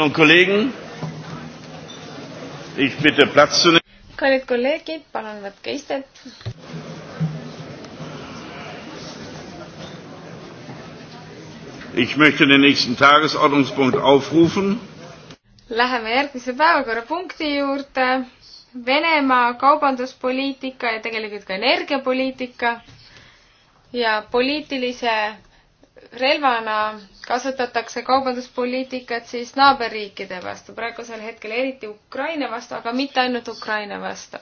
Kolleginnen und Kollegen, ich bitte Platz zu nehmen. kallid kolleegid, palun võtke istet. Ich möchte den nächsten Tagesordnungspunkt aufrufen. Läheme järgmise päevakorrapunkti juurde. Venemaa kaubanduspoliitika ja tegelikult ka energiapoliitika ja poliitilise relvana kasutatakse kaubanduspoliitikat siis naaberriikide vastu, praegusel hetkel eriti Ukraina vastu, aga mitte ainult Ukraina vastu.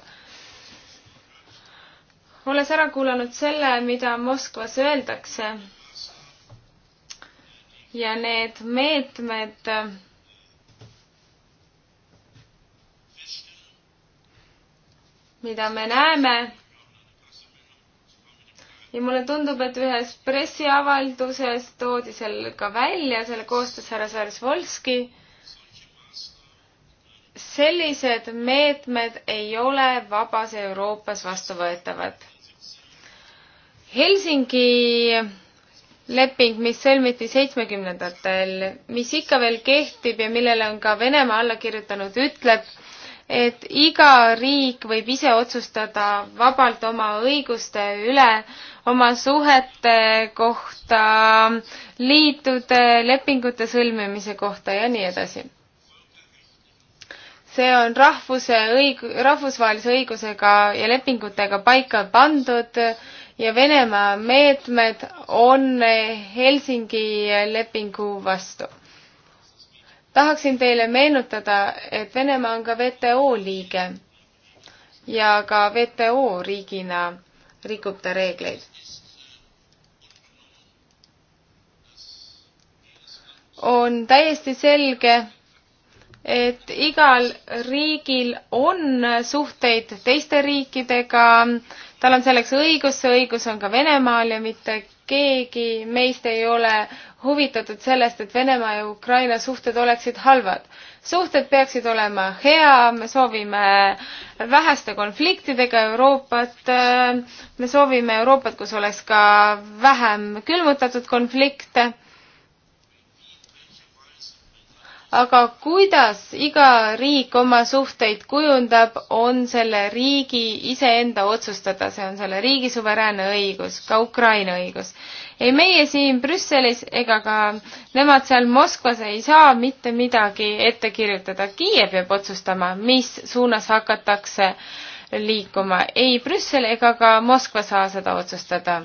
olles ära kuulanud selle, mida Moskvas öeldakse ja need meetmed, mida me näeme ja mulle tundub, et ühes pressiavalduses toodi seal ka välja selle koostöös härra Sarsvolski. sellised meetmed ei ole vabas Euroopas vastuvõetavad. Helsingi leping, mis sõlmiti seitsmekümnendatel, mis ikka veel kehtib ja millele on ka Venemaa alla kirjutanud, ütleb, et iga riik võib ise otsustada vabalt oma õiguste üle, oma suhete kohta, liitude, lepingute sõlmimise kohta ja nii edasi. see on rahvuse õig-, rahvusvahelise õigusega ja lepingutega paika pandud ja Venemaa meetmed on Helsingi lepingu vastu tahaksin teile meenutada, et Venemaa on ka WTO liige ja ka WTO riigina rikub ta reegleid. on täiesti selge, et igal riigil on suhteid teiste riikidega, tal on selleks õigus, see õigus on ka Venemaal ja mitte keegi meist ei ole huvitatud sellest, et Venemaa ja Ukraina suhted oleksid halvad. suhted peaksid olema hea, me soovime väheste konfliktidega Euroopat, me soovime Euroopat, kus oleks ka vähem külmutatud konflikte aga kuidas iga riik oma suhteid kujundab, on selle riigi iseenda otsustada, see on selle riigi suveräänne õigus, ka Ukraina õigus. ei meie siin Brüsselis ega ka nemad seal Moskvas ei saa mitte midagi ette kirjutada, Kiiev peab otsustama, mis suunas hakatakse liikuma, ei Brüssel ega ka Moskva saa seda otsustada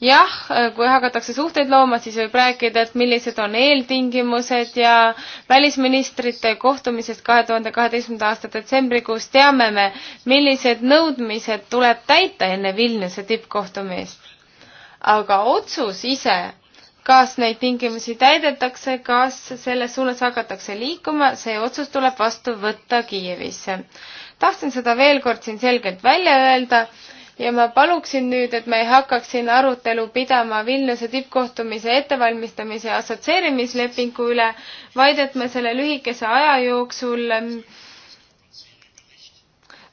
jah, kui hakatakse suhteid looma, siis võib rääkida, et millised on eeltingimused ja välisministrite kohtumisest kahe tuhande kaheteistkümnenda aasta detsembrikuus teame me, millised nõudmised tuleb täita enne Vilniuse tippkohtumist. aga otsus ise, kas neid tingimusi täidetakse, kas selles suunas hakatakse liikuma, see otsus tuleb vastu võtta Kiievisse. tahtsin seda veel kord siin selgelt välja öelda ja ma paluksin nüüd, et me ei hakkaks siin arutelu pidama Vilniuse tippkohtumise ettevalmistamise ja assotsieerimislepingu üle, vaid et me selle lühikese aja jooksul ähm,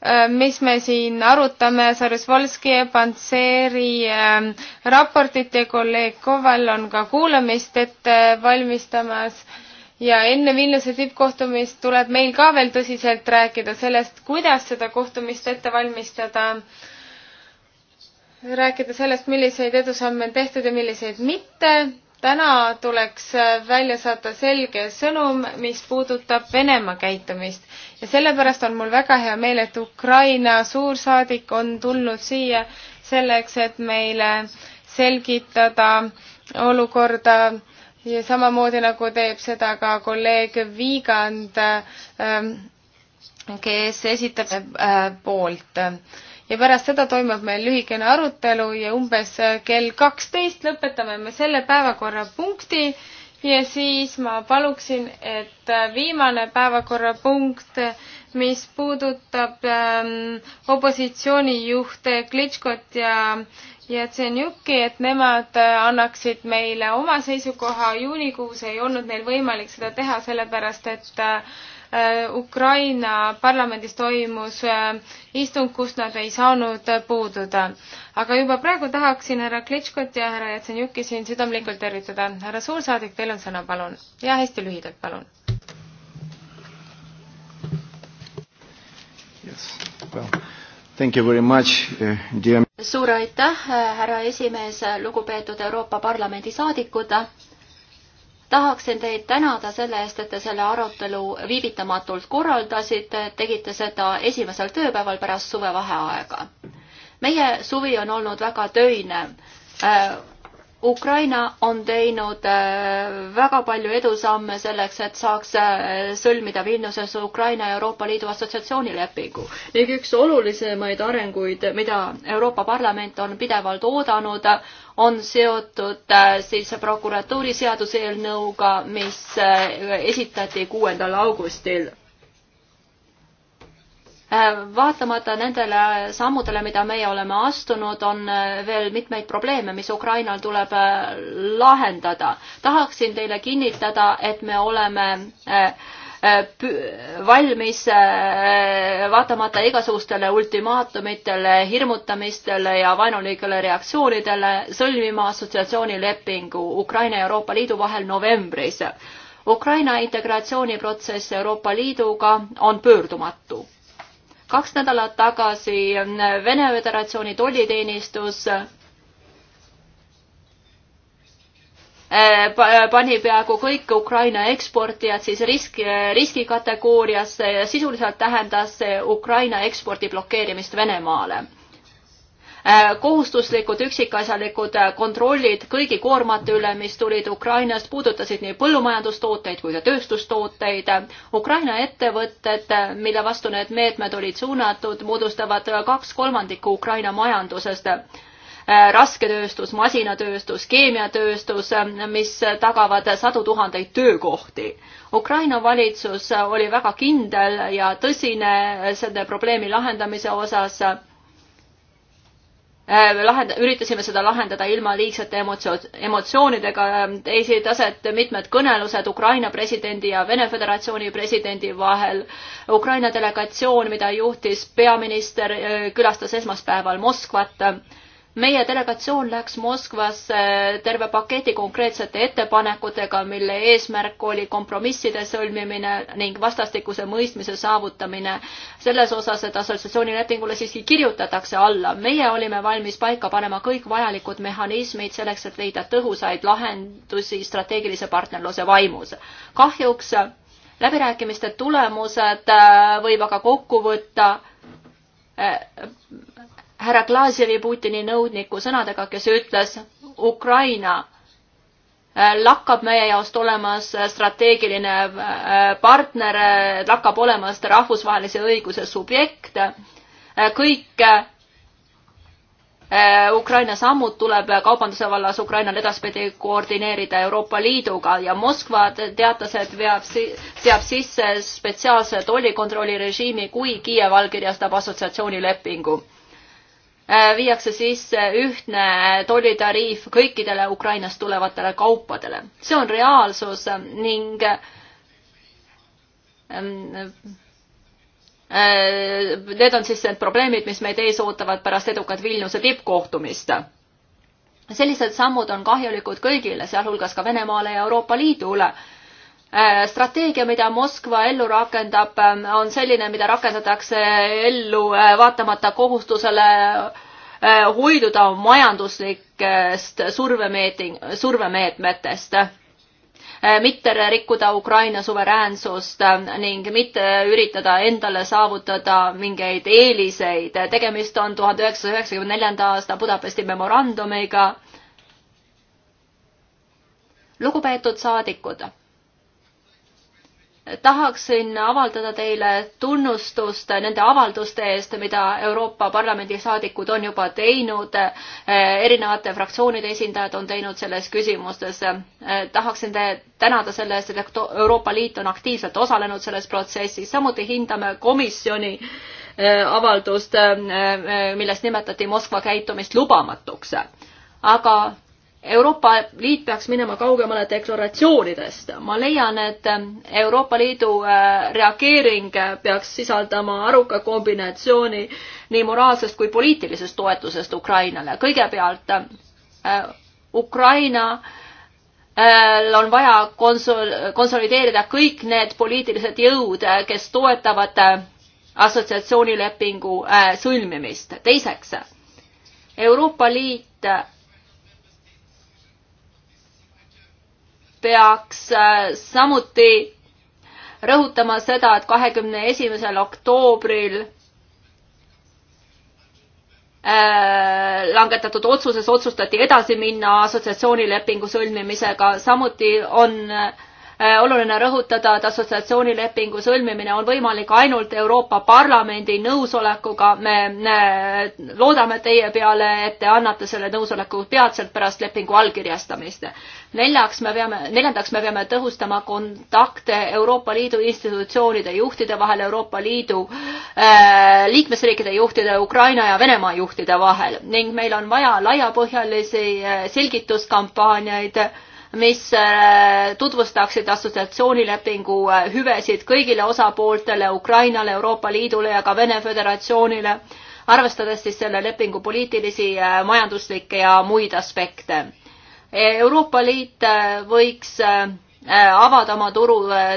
äh, mis me siin arutame, Sarasvolski ja Panseri ähm, raportit ja kolleeg Koval on ka kuulamist ette valmistamas ja enne Vilniuse tippkohtumist tuleb meil ka veel tõsiselt rääkida sellest, kuidas seda kohtumist ette valmistada äh, rääkida sellest, milliseid edusamme on tehtud ja milliseid mitte. täna tuleks välja saata selge sõnum, mis puudutab Venemaa käitumist ja sellepärast on mul väga hea meel, et Ukraina suursaadik on tulnud siia selleks, et meile selgitada olukorda ja samamoodi nagu teeb seda ka kolleeg Viigand, ähm, kes esitab äh, poolt äh, ja pärast seda toimub meil lühikene arutelu ja umbes kell kaksteist lõpetame me selle päevakorrapunkti ja siis ma paluksin, et viimane päevakorrapunkt, mis puudutab ähm, opositsioonijuhte Klitškot ja ja Tsenjuki, et nemad äh, annaksid meile oma seisukoha, juunikuus ei olnud neil võimalik seda teha, sellepärast et äh, Äh, Ukraina parlamendis toimus äh, istung, kus nad ei saanud puududa. aga juba praegu tahaksin härra Klitškot ja härra Jatsenjuki siin südamlikult tervitada. härra suursaadik, teil on sõna, palun. ja hästi lühidalt, palun. Yes. Well, thank you very much, uh, dear. suur aitäh, äh, härra esimees, lugupeetud Euroopa Parlamendi saadikud tahaksin teid tänada selle eest, et te selle arutelu viivitamatult korraldasite, tegite seda esimesel tööpäeval pärast suvevaheaega. meie suvi on olnud väga töine äh, Ukraina on teinud äh, väga palju edusamme selleks, et saaks äh, sõlmida Vilniuses Ukraina Euroopa Liidu assotsiatsioonilepingu ning üks olulisemaid arenguid, mida Euroopa Parlament on pidevalt oodanud, on seotud äh, siis prokuratuuri seaduseelnõuga, mis esitati kuuendal augustil Äh, vaatamata nendele sammudele, mida meie oleme astunud, on äh, veel mitmeid probleeme, mis Ukrainal tuleb äh, lahendada. tahaksin teile kinnitada, et me oleme valmis vaatamata igasugustele ultimaatumitele, hirmutamistele ja vaenulikele reaktsioonidele sõlmima assotsiatsioonilepingu Ukraina ja Euroopa Liidu vahel novembris. Ukraina integratsiooniprotsess Euroopa Liiduga on pöördumatu kaks nädalat tagasi Vene Föderatsiooni tolliteenistus eh, pani peaaegu kõik Ukraina eksportijad siis risk, riskikategooriasse ja sisuliselt tähendas see Ukraina ekspordi blokeerimist Venemaale Äh, kohustuslikud üksikasjalikud äh, kontrollid kõigi koormate üle, mis tulid Ukrainast, puudutasid nii põllumajandustooteid kui ka tööstustooteid. Ukraina ettevõtted, äh, mille vastu need meetmed olid suunatud, moodustavad kaks kolmandikku Ukraina majandusest rasketööstus, masinatööstus, keemiatööstus, mis tagavad sadu tuhandeid töökohti. Ukraina valitsus oli väga kindel ja tõsine selle probleemi lahendamise osas Äh, lahend-, üritasime seda lahendada ilma liigsete emotsio-, emotsioonidega, leidsid ähm, aset mitmed kõnelused Ukraina presidendi ja Vene Föderatsiooni presidendi vahel. Ukraina delegatsioon, mida juhtis peaminister, äh, külastas esmaspäeval Moskvat meie delegatsioon läks Moskvasse terve paketi konkreetsete ettepanekutega, mille eesmärk oli kompromisside sõlmimine ning vastastikuse mõistmise saavutamine selles osas, et assotsiatsioonilepingule siiski kirjutatakse alla. meie olime valmis paika panema kõik vajalikud mehhanismid selleks, et leida tõhusaid lahendusi strateegilise partnerluse vaimus. kahjuks läbirääkimiste tulemused äh, võib aga kokku võtta äh, härra Klaasjevi Putini nõuniku sõnadega, kes ütles, Ukraina äh, lakkab meie jaost olemas äh, strateegiline äh, partner, lakkab olemas rahvusvahelise õiguse subjekt. kõik Ukraina sammud tuleb kaubanduse vallas Ukrainal edaspidi koordineerida Euroopa Liiduga ja Moskva teatas, et veab, seab sisse spetsiaalse tollikontrolli režiimi, kui Kiiev allkirjastab assotsiatsioonilepingu Äh, viiakse sisse ühtne äh, tollitariif kõikidele Ukrainast tulevatele kaupadele. see on reaalsus äh, ning ähm, Need on siis need probleemid, mis meid ees ootavad pärast edukat Vilniuse tippkohtumist. sellised sammud on kahjulikud kõigile, sealhulgas ka Venemaale ja Euroopa Liidule Äh, strateegia, mida Moskva ellu rakendab, ähm, on selline, mida rakendatakse ellu äh, vaatamata kohustusele äh, hoiduda majanduslikest survemeeting, survemeetmetest, mitte rikkuda Ukraina suveräänsust ning mitte üritada endale saavutada mingeid eeliseid. tegemist on tuhande üheksasaja üheksakümne neljanda aasta Budapesti memorandumiga. lugupeetud saadikud tahaksin avaldada teile tunnustust nende avalduste eest, mida Euroopa Parlamendi saadikud on juba teinud. erinevate fraktsioonide esindajad on teinud selles küsimustes. tahaksin te tänada selle eest, et Euroopa Liit on aktiivselt osalenud selles protsessis, samuti hindame komisjoni eh, avaldust, eh, eh, milles nimetati Moskva käitumist lubamatuks. aga Euroopa Liit peaks minema kaugemale deklaratsioonidest. ma leian, et Euroopa Liidu äh, reageering peaks sisaldama aruka kombinatsiooni nii moraalsest kui poliitilisest toetusest Ukrainale. kõigepealt äh, Ukraina äh, on vaja konsol-, konsolideerida kõik need poliitilised jõud, kes toetavad assotsiatsioonilepingu sõlmimist. teiseks, Euroopa Liit peaks äh, samuti rõhutama seda, et kahekümne esimesel oktoobril äh, langetatud otsuses otsustati edasi minna assotsiatsioonilepingu sõlmimisega, samuti on äh, Äh, oluline rõhutada, et assotsiatsioonilepingu sõlmimine on võimalik ainult Euroopa Parlamendi nõusolekuga. me loodame teie peale, et te annate selle nõusoleku peatselt pärast lepingu allkirjastamist. neljaks me peame, neljandaks me peame tõhustama kontakte Euroopa Liidu institutsioonide juhtide vahel, Euroopa Liidu äh, liikmesriikide juhtide, Ukraina ja Venemaa juhtide vahel ning meil on vaja laiapõhjalisi äh, selgituskampaaniaid äh, mis äh, tutvustaksid assotsiatsioonilepingu äh, hüvesid kõigile osapooltele, Ukrainale, Euroopa Liidule ja ka Vene Föderatsioonile, arvestades siis selle lepingu poliitilisi, äh, majanduslikke ja muid aspekte. Euroopa Liit võiks avada oma turu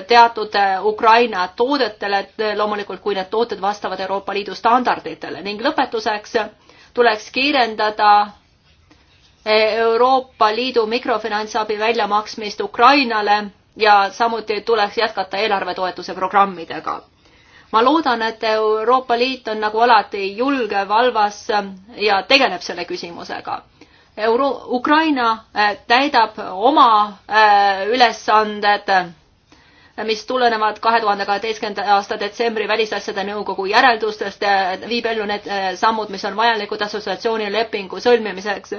teatud Ukraina toodetele, loomulikult kui need tooted vastavad Euroopa Liidu standarditele ning lõpetuseks tuleks kiirendada Euroopa Liidu mikrofinantsabi väljamaksmist Ukrainale ja samuti tuleks jätkata eelarvetoetuse programmidega. ma loodan, et Euroopa Liit on nagu alati julge, valvas ja tegeleb selle küsimusega. Euro-, Ukraina äh, täidab oma äh, ülesanded, äh, mis tulenevad kahe tuhande kaheteistkümnenda aasta detsembri Välisasjade Nõukogu järeldustest, viib ellu need sammud, mis on vajalikud assotsiatsioonilepingu sõlmimiseks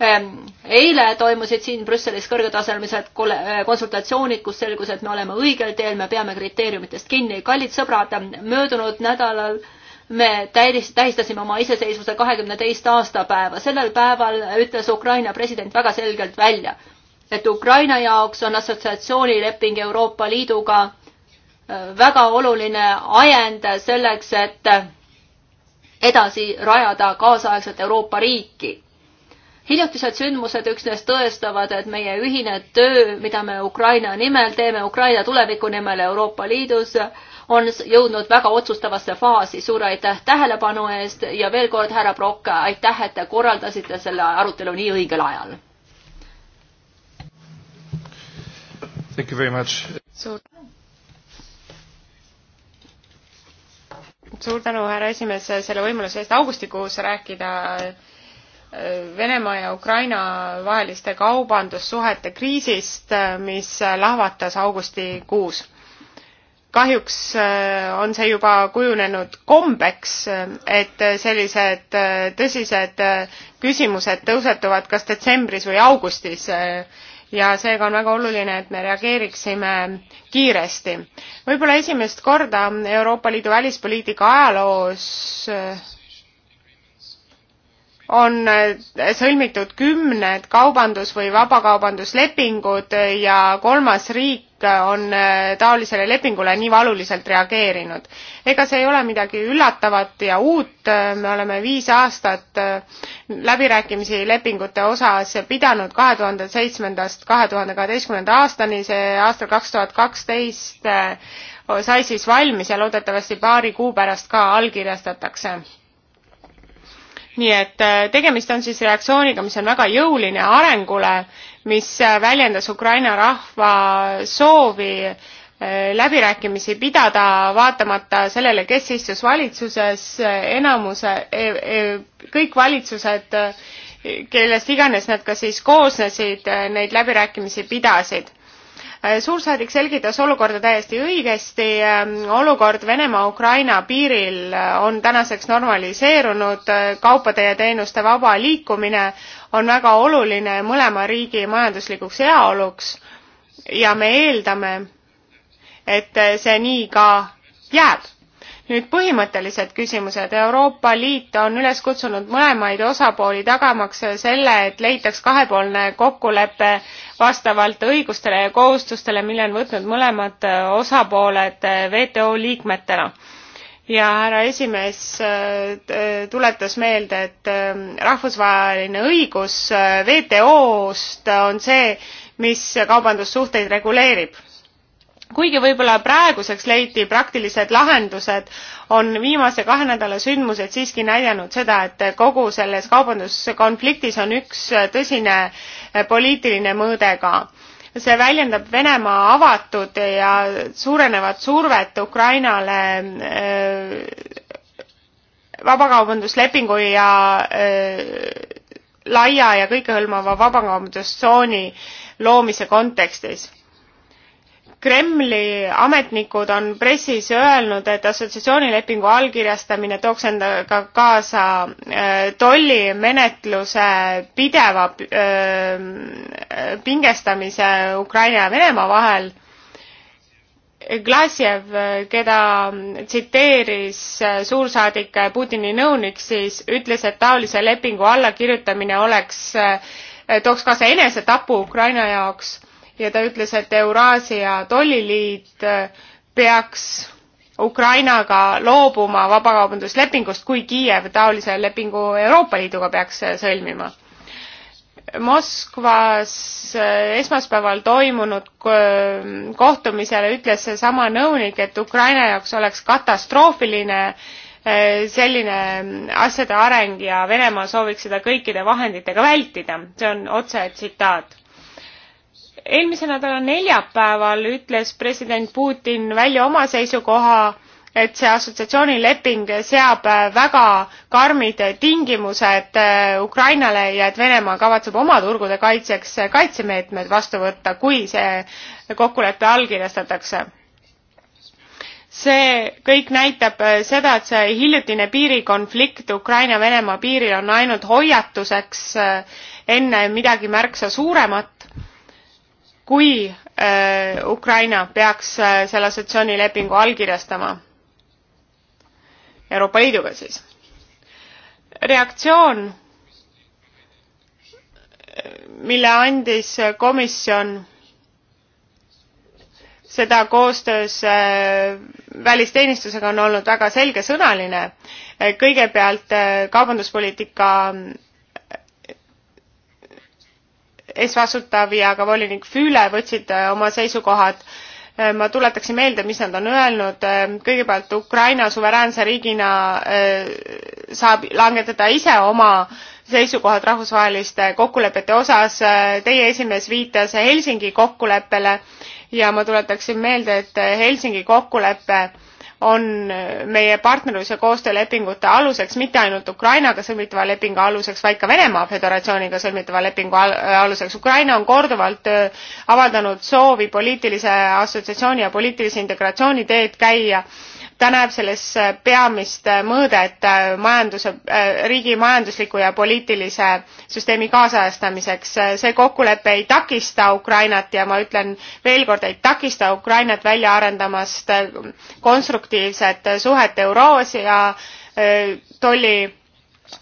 Ähm, eile toimusid siin Brüsselis kõrgetasemelised äh, konsultatsioonid, kus selgus, et me oleme õigel teel, me peame kriteeriumitest kinni. kallid sõbrad, möödunud nädalal me tähis, tähistasime oma iseseisvuse kahekümne teist aastapäeva. sellel päeval ütles Ukraina president väga selgelt välja, et Ukraina jaoks on assotsiatsioonileping Euroopa Liiduga äh, väga oluline ajend selleks, et edasi rajada kaasaegset Euroopa riiki hiljutised sündmused üksnes tõestavad, et meie ühine töö, mida me Ukraina nimel teeme, Ukraina tuleviku nimel Euroopa Liidus, on jõudnud väga otsustavasse faasi. suur aitäh tähelepanu eest ja veel kord, härra Prokk, aitäh, et te korraldasite selle arutelu nii õigel ajal. suur tänu. suur tänu, härra esimees, selle võimaluse eest augustikuus rääkida Venemaa ja Ukraina vaheliste kaubandussuhete kriisist, mis lahvatas augustikuus. kahjuks äh, on see juba kujunenud kombeks, et sellised äh, tõsised äh, küsimused tõusetuvad kas detsembris või augustis ja seega on väga oluline, et me reageeriksime kiiresti. võib-olla esimest korda Euroopa Liidu välispoliitika ajaloos on äh, sõlmitud kümned kaubandus või vabakaubanduslepingud ja kolmas riik on äh, taolisele lepingule nii valuliselt reageerinud. ega see ei ole midagi üllatavat ja uut, me oleme viis aastat äh, läbirääkimisi lepingute osas pidanud kahe tuhande seitsmendast kahe tuhande kaheteistkümnenda aastani, see aastal kaks tuhat kaksteist sai siis valmis ja loodetavasti paari kuu pärast ka allkirjastatakse nii et äh, tegemist on siis reaktsiooniga, mis on väga jõuline arengule, mis äh, väljendas Ukraina rahva soovi äh, läbirääkimisi pidada, vaatamata sellele, kes istus valitsuses, enamuse, e, e, kõik valitsused, kellest iganes nad ka siis koosnesid, neid läbirääkimisi pidasid. Äh, suursaadik selgitas olukorda täiesti õigesti, ähm, olukord Venemaa-Ukraina piiril äh, on tänaseks normaliseerunud, äh, kaupade ja teenuste vaba liikumine on väga oluline mõlema riigi majanduslikuks heaoluks ja me eeldame, et see nii ka jääb nüüd põhimõttelised küsimused. Euroopa Liit on üles kutsunud mõlemaid osapooli tagamaks selle, et leitaks kahepoolne kokkulepe vastavalt õigustele ja kohustustele, mille on võtnud mõlemad osapooled WTO liikmetena ja härra esimees tuletas meelde, et ähm, rahvusvaheline õigus äh, WTO-st on see, mis kaubandussuhteid reguleerib kuigi võib-olla praeguseks leiti praktilised lahendused, on viimase kahe nädala sündmused siiski näidanud seda, et kogu selles kaubanduskonfliktis on üks tõsine poliitiline mõõde ka. see väljendab Venemaa avatud ja suurenevat survet Ukrainale äh, vabakaubanduslepingu ja äh, laia ja kõikehõlmava vabakaubandustsooni loomise kontekstis Kremli ametnikud on pressis öelnud, et assotsiatsioonilepingu allkirjastamine tooks endaga kaasa äh, tollimenetluse pideva äh, pingestamise Ukraina ja Venemaa vahel. Glasjev, keda tsiteeris äh, suursaadik Putini nõunik, siis ütles, et taolise lepingu allakirjutamine oleks, tooks kaasa enesetapu Ukraina jaoks ja ta ütles, et Euraasia tolliliit äh, peaks Ukrainaga loobuma vabakaubanduslepingust, kui Kiiev taolise lepingu Euroopa Liiduga peaks äh, sõlmima. Moskvas äh, esmaspäeval toimunud kohtumisel ütles seesama nõunik, et Ukraina jaoks oleks katastroofiline selline mm, asjade areng ja Venemaa sooviks seda kõikide vahenditega vältida. see on otse tsitaat eelmise nädala neljapäeval ütles president Putin välja oma seisukoha, et see assotsiatsioonileping seab väga karmid tingimused eh, Ukrainale ja et Venemaa kavatseb oma turgude kaitseks kaitsemeetmed vastu võtta, kui see kokkulepe allkirjastatakse. see kõik näitab seda, et see hiljutine piirikonflikt Ukraina-Venemaa piiril on ainult hoiatuseks eh, enne midagi märksa suuremat kui äh, Ukraina peaks äh, selle assotsiatsioonilepingu allkirjastama Euroopa Liiduga siis. reaktsioon, mille andis komisjon seda koostöös äh, välisteenistusega on olnud väga selgesõnaline. kõigepealt kaubanduspoliitika eesvastutav ja ka volinik Füüle võtsid äh, oma seisukohad. Äh, ma tuletaksin meelde, mis nad on öelnud. Äh, kõigepealt Ukraina suveräänse riigina saab langetada ise oma seisukohad rahvusvaheliste kokkulepete osas. Teie esimees viitas Helsingi kokkuleppele ja ma tuletaksin meelde, et Helsingi kokkulepe on meie partnerlus- ja koostöölepingute aluseks mitte ainult Ukrainaga sõlmitava lepingu aluseks, vaid ka Venemaa Föderatsiooniga sõlmitava lepingu aluseks. Ukraina on korduvalt avaldanud soovi poliitilise assotsiatsiooni ja poliitilise integratsiooni teed käia ta näeb selles äh, peamist äh, mõõdet äh, majanduse, riigi majandusliku ja poliitilise süsteemi kaasajastamiseks. see kokkulepe ei takista Ukrainat ja ma ütlen veel kord, ei takista Ukrainat välja arendamast konstruktiivset suhet Euroosia tolli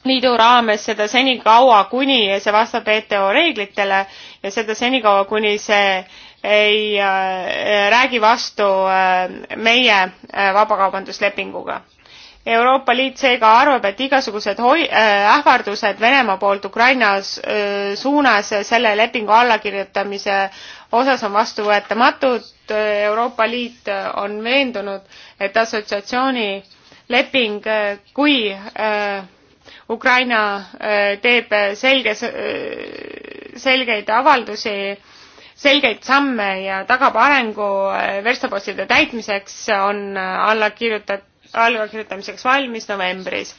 liidu raames seda senikaua, kuni see vastab WTO reeglitele ja seda senikaua, kuni see ei äh, räägi vastu äh, meie äh, vabakaubanduslepinguga. Euroopa Liit seega arvab, et igasugused hoi-, ähvardused Venemaa poolt Ukraina suunas selle lepingu allakirjutamise osas on vastuvõetamatud. Euroopa Liit on veendunud, et assotsiatsiooni leping, kui Ukraina teeb selge, selgeid avaldusi selgeid samme ja tagab arengu äh, verstapostide täitmiseks, on äh, alla kirjutatud allakirjutamiseks valmis novembris.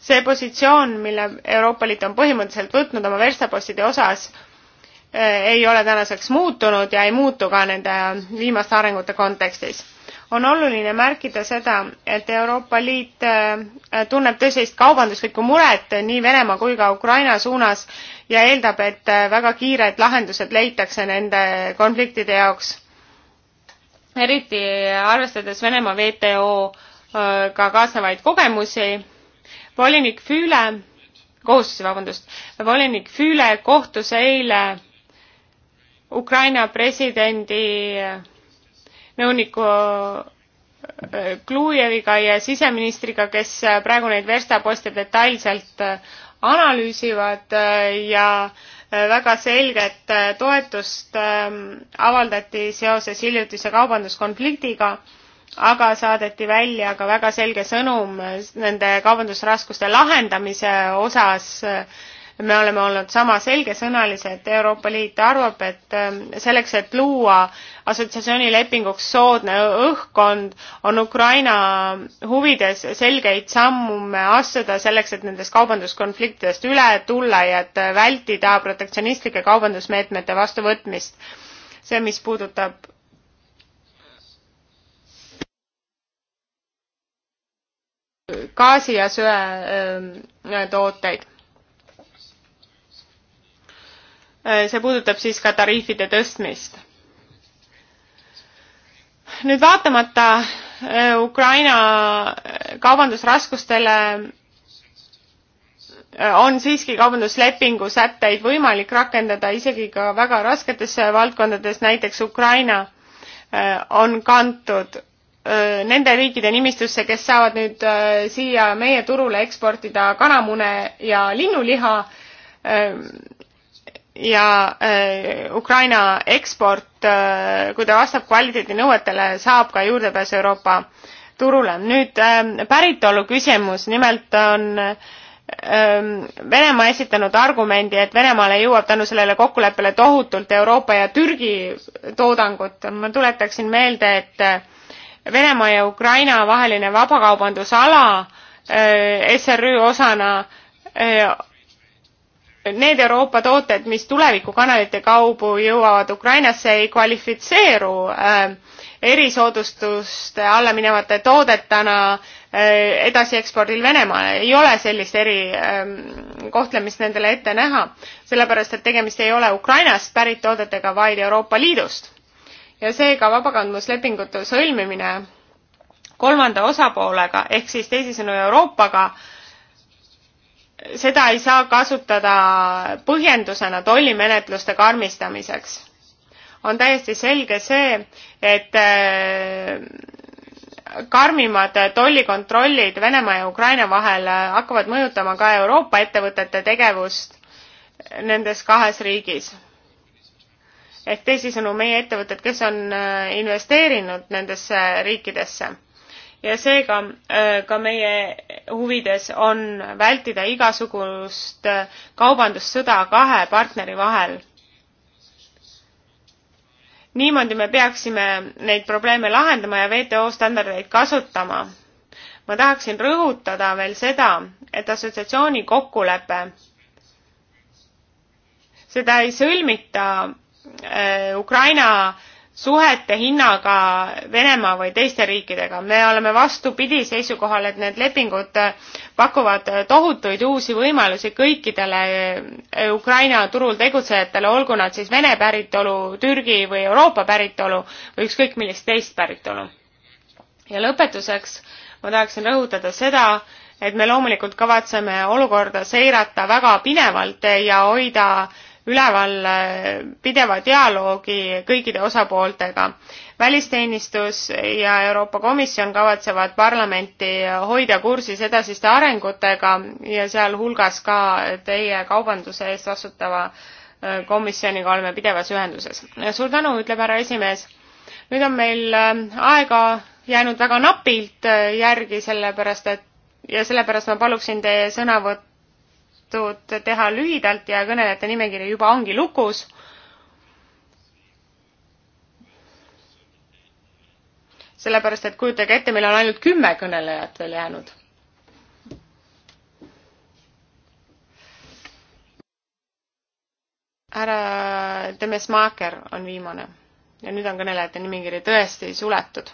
see positsioon, mille Euroopa Liit on põhimõtteliselt võtnud oma verstapostide osas, äh, ei ole tänaseks muutunud ja ei muutu ka nende viimaste arengute kontekstis. on oluline märkida seda, et Euroopa Liit tunneb tõsist kaubanduslikku muret nii Venemaa kui ka Ukraina suunas ja eeldab, et äh, väga kiired lahendused leitakse nende konfliktide jaoks. eriti arvestades Venemaa WTO-ga äh, ka kaasnevaid kogemusi, volinik Füüle, kohustusi, vabandust, volinik Füüle kohtus eile Ukraina presidendi äh, nõuniku Klujeviga ja siseministriga, kes praegu neid verstaposte detailselt analüüsivad äh, ja äh, väga selget äh, toetust ähm, avaldati seoses hiljutise kaubanduskonfliktiga, aga saadeti välja ka väga selge sõnum nende kaubandusraskuste lahendamise osas me oleme olnud sama selgesõnalised, Euroopa Liit arvab, et ähm, selleks, et luua assotsiatsioonilepinguks soodne õhkkond, on Ukraina huvides selgeid samme astuda selleks, et nendest kaubanduskonfliktidest üle tulla ja et vältida protektsionistlike kaubandusmeetmete vastuvõtmist. see, mis puudutab gaasi ja söetooteid ähm, Äh, see puudutab siis ka tariifide tõstmist. nüüd vaatamata äh, Ukraina äh, kaubandusraskustele on siiski kaubanduslepingu sätteid võimalik rakendada isegi ka väga rasketes valdkondades, näiteks Ukraina on kantud nende riikide nimistusse, kes saavad nüüd siia meie turule eksportida kanamune ja linnuliha ja äh, Ukraina eksport äh,, kui ta vastab kvaliteedinõuetele, saab ka juurdepääsu Euroopa turule. nüüd äh, päritolu küsimus, nimelt on äh, Venemaa esitanud argumendi, et Venemaale jõuab tänu sellele kokkuleppele tohutult Euroopa ja Türgi toodangut. ma tuletaksin meelde, et äh, Venemaa ja Ukraina vaheline vabakaubandusala äh, SRÜ osana äh, need Euroopa tooted, mis tulevikukanalite kaubu jõuavad Ukrainasse, ei kvalifitseeru äh, erisoodustuste alla minevate toodetena äh, edasiekspordil Venemaale. ei ole sellist erikohtlemist ähm, äh, nendele ette näha, sellepärast et tegemist ei ole Ukrainast pärit toodetega, vaid Euroopa Liidust. ja seega vabakandmuslepingute sõlmimine kolmanda osapoolega ehk siis teisisõnu Euroopaga äh, seda ei saa kasutada põhjendusena tollimenetluste karmistamiseks. on täiesti selge see, et äh, karmimad tollikontrollid Venemaa ja Ukraina vahel hakkavad mõjutama ka Euroopa ettevõtete tegevust nendes kahes riigis. ehk teisisõnu, meie ettevõtted, kes on äh, investeerinud nendesse riikidesse ja seega äh, ka meie huvides on vältida igasugust äh, kaubandussõda kahe partneri vahel. niimoodi me peaksime neid probleeme lahendama ja WTO standardeid kasutama. ma tahaksin rõhutada veel seda, et assotsiatsiooni kokkulepe, seda ei sõlmita äh, Ukraina äh, suhete hinnaga Venemaa või teiste riikidega. me oleme vastupidi seisukohal, et need lepingud pakuvad tohutuid uusi võimalusi kõikidele Ukraina turul tegutsejatele, olgu nad siis Vene päritolu, Türgi või Euroopa päritolu või ükskõik millist teist päritolu. ja lõpetuseks ma tahaksin rõhutada seda, et me loomulikult kavatseme olukorda seirata väga pinevalt ja hoida äh, üleval äh, pideva dialoogi kõikide osapooltega. välisteenistus ja Euroopa Komisjon kavatsevad parlamenti hoida kursis edasiste arengutega ja sealhulgas ka teie kaubanduse eest vastutava äh, komisjoniga oleme pidevas ühenduses. suur tänu, ütleb härra esimees. nüüd on meil äh, aega jäänud väga napilt järgi, sellepärast et ja sellepärast ma paluksin teie sõnavõtt palutud teha lühidalt ja kõnelejate nimekiri juba ongi lukus. sellepärast, et kujutage ette, meil on ainult kümme kõnelejat veel jäänud härra Demesmaaker on viimane ja nüüd on kõnelejate nimekiri tõesti suletud.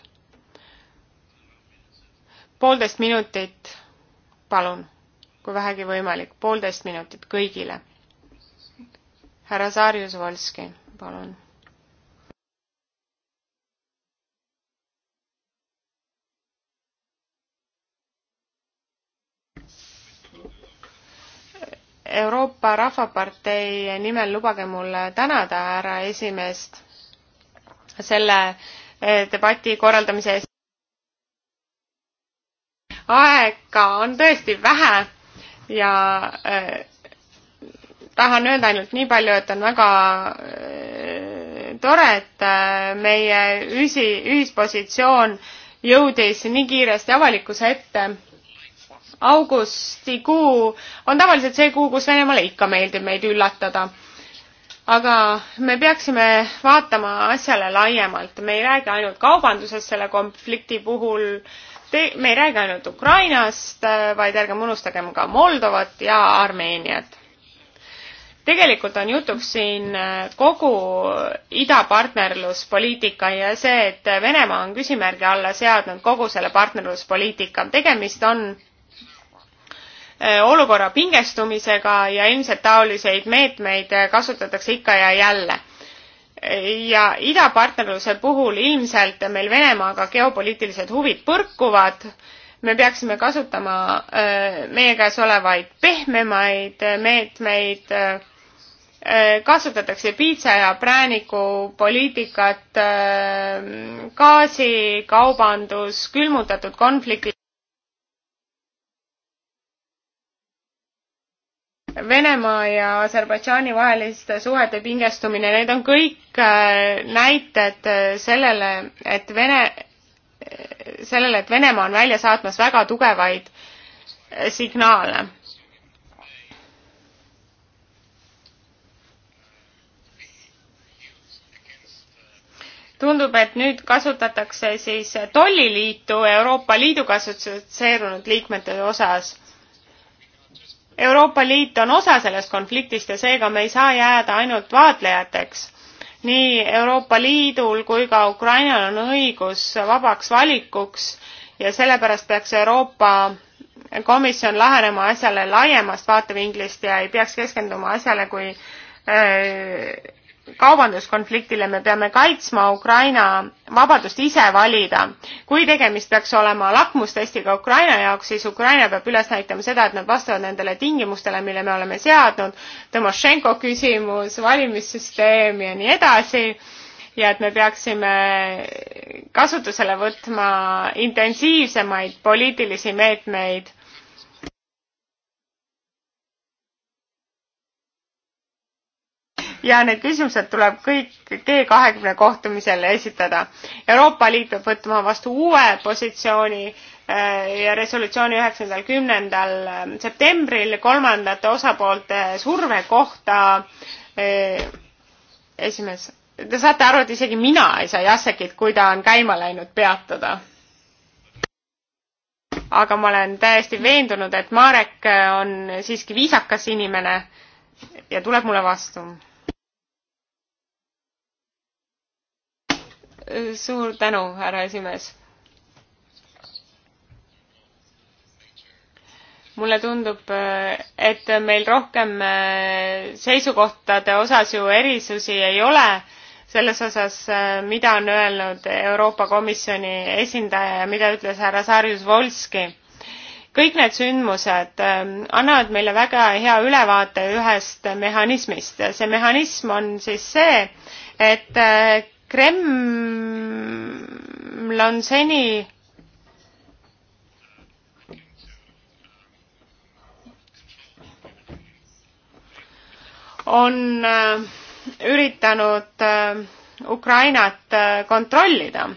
poolteist minutit, palun kui vähegi võimalik, poolteist minutit kõigile. härra Saarjus Volski, palun. Euroopa Rahvapartei nimel lubage mul tänada härra esimeest selle eh, debati korraldamise eest. aega on tõesti vähe ja äh, tahan öelda ainult nii palju, et on väga äh, tore, et äh, meie üsi, ühispositsioon jõudis nii kiiresti avalikkuse ette. augustikuu on tavaliselt see kuu, kus Venemaale ikka meeldib meid üllatada aga me peaksime vaatama asjale laiemalt, me ei räägi ainult kaubandusest selle konflikti puhul, see, me ei räägi ainult Ukrainast, vaid ärgem unustagem ka Moldovat ja Armeeniat. tegelikult on jutuks siin kogu idapartnerluspoliitika ja see, et Venemaa on küsimärgi alla seadnud kogu selle partnerluspoliitika. tegemist on e, olukorra pingestumisega ja ilmselt taoliseid meetmeid kasutatakse ikka ja jälle ja idapartnerluse puhul ilmselt meil Venemaaga geopoliitilised huvid põrkuvad. me peaksime kasutama äh, meie käes olevaid pehmemaid meetmeid. Äh, kasutatakse piitsa ja prääniku poliitikat, äh, gaasikaubandus, külmutatud konfliktid. Venemaa ja Aserbaidžaani vaheliste suhete pingestumine, need on kõik äh, näited äh, sellele, et Vene, sellele, et Venemaa on välja saatmas väga tugevaid äh, signaale tundub, et nüüd kasutatakse siis tolliliitu Euroopa Liiduga assotsieerunud liikmete osas. Euroopa Liit on osa sellest konfliktist ja seega me ei saa jääda ainult vaatlejateks. nii Euroopa Liidul kui ka Ukrainal on õigus vabaks valikuks ja sellepärast peaks Euroopa Komisjon lähenema asjale laiemast vaatevinklist ja ei peaks keskenduma asjale kui äh, kaubanduskonfliktile me peame kaitsma Ukraina vabadust ise valida. kui tegemist peaks olema lakmustestiga Ukraina jaoks, siis Ukraina peab üles näitama seda, et nad vastavad nendele tingimustele, mille me oleme seadnud, Tõmošenko küsimus, valimissüsteem ja nii edasi, ja et me peaksime kasutusele võtma intensiivsemaid poliitilisi meetmeid ja need küsimused tuleb kõik G20 kohtumisel esitada. Euroopa Liit peab võtma vastu uue positsiooni äh, ja resolutsiooni üheksandal, kümnendal äh, septembril kolmandate osapoolte surve kohta äh, esimees, te saate aru, et isegi mina ei saa Jassekit, kui ta on käima läinud, peatada. aga ma olen täiesti veendunud, et Marek on siiski viisakas inimene ja tuleb mulle vastu suur tänu, härra esimees. mulle tundub, et meil rohkem eh, seisukohtade osas ju erisusi ei ole selles osas, eh, mida on öelnud Euroopa Komisjoni esindaja ja mida ütles härra Sarjus Volski kõik need sündmused eh, annavad meile väga hea ülevaate ühest mehhanismist. see mehhanism on siis see, et Kreml on seni on äh, üritanud äh, Ukrainat äh, kontrollida.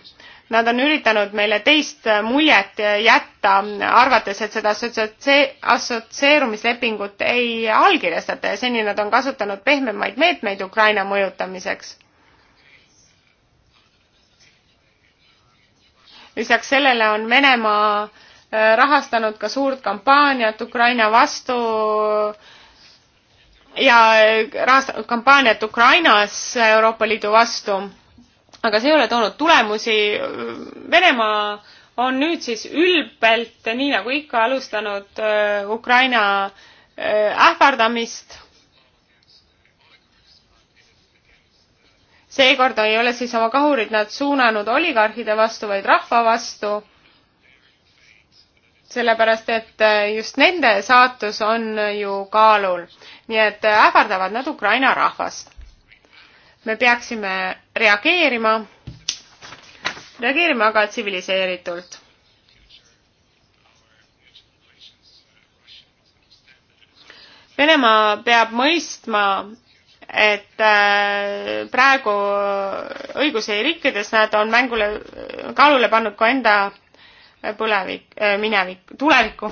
Nad on üritanud meile teist muljet jätta, arvates, et seda assotsieerumislepingut ei allkirjastata ja seni nad on kasutanud pehmemaid meetmeid Ukraina mõjutamiseks. lisaks sellele on Venemaa äh, rahastanud ka suurt kampaaniat Ukraina vastu ja äh, rahastanud kampaaniat Ukrainas äh, Euroopa Liidu vastu. aga see ei ole toonud tulemusi. Venemaa on nüüd siis ülbelt, nii nagu ikka, alustanud Ukraina ähvardamist seekord ei ole siis oma kahurid nad suunanud oligarhide vastu, vaid rahva vastu. sellepärast, et äh, just nende saatus on ju kaalul. nii et äh, ähvardavad nad Ukraina rahvast. me peaksime reageerima, reageerima aga tsiviliseeritult Venemaa peab mõistma, et äh, praegu õigusi ei rikkudes nad on mängule, kaalule pannud ka enda põlevik, äh, minevik, tulevikku.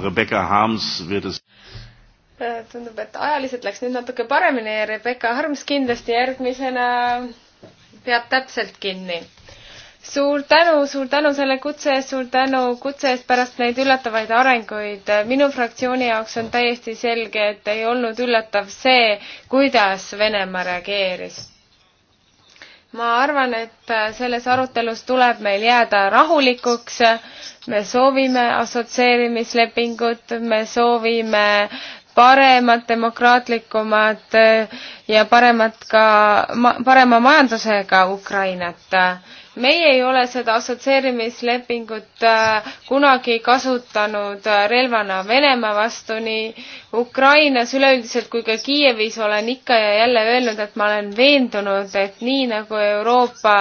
Rebecca Harms vedas äh, tundub, et ajaliselt läks nüüd natuke paremini ja Rebecca Harms kindlasti järgmisena peab täpselt kinni suur tänu, suur tänu selle kutse eest, suur tänu kutse eest pärast neid üllatavaid arenguid. minu fraktsiooni jaoks on täiesti selge, et ei olnud üllatav see, kuidas Venemaa reageeris. ma arvan, et selles arutelus tuleb meil jääda rahulikuks. me soovime assotsieerimislepingut, me soovime paremat, demokraatlikumat ja paremat ka, parema majandusega Ukrainat meie ei ole seda assotsieerimislepingut äh, kunagi kasutanud äh, relvana Venemaa vastu nii Ukrainas üleüldiselt kui ka Kiievis olen ikka ja jälle öelnud, et ma olen veendunud, et nii nagu Euroopa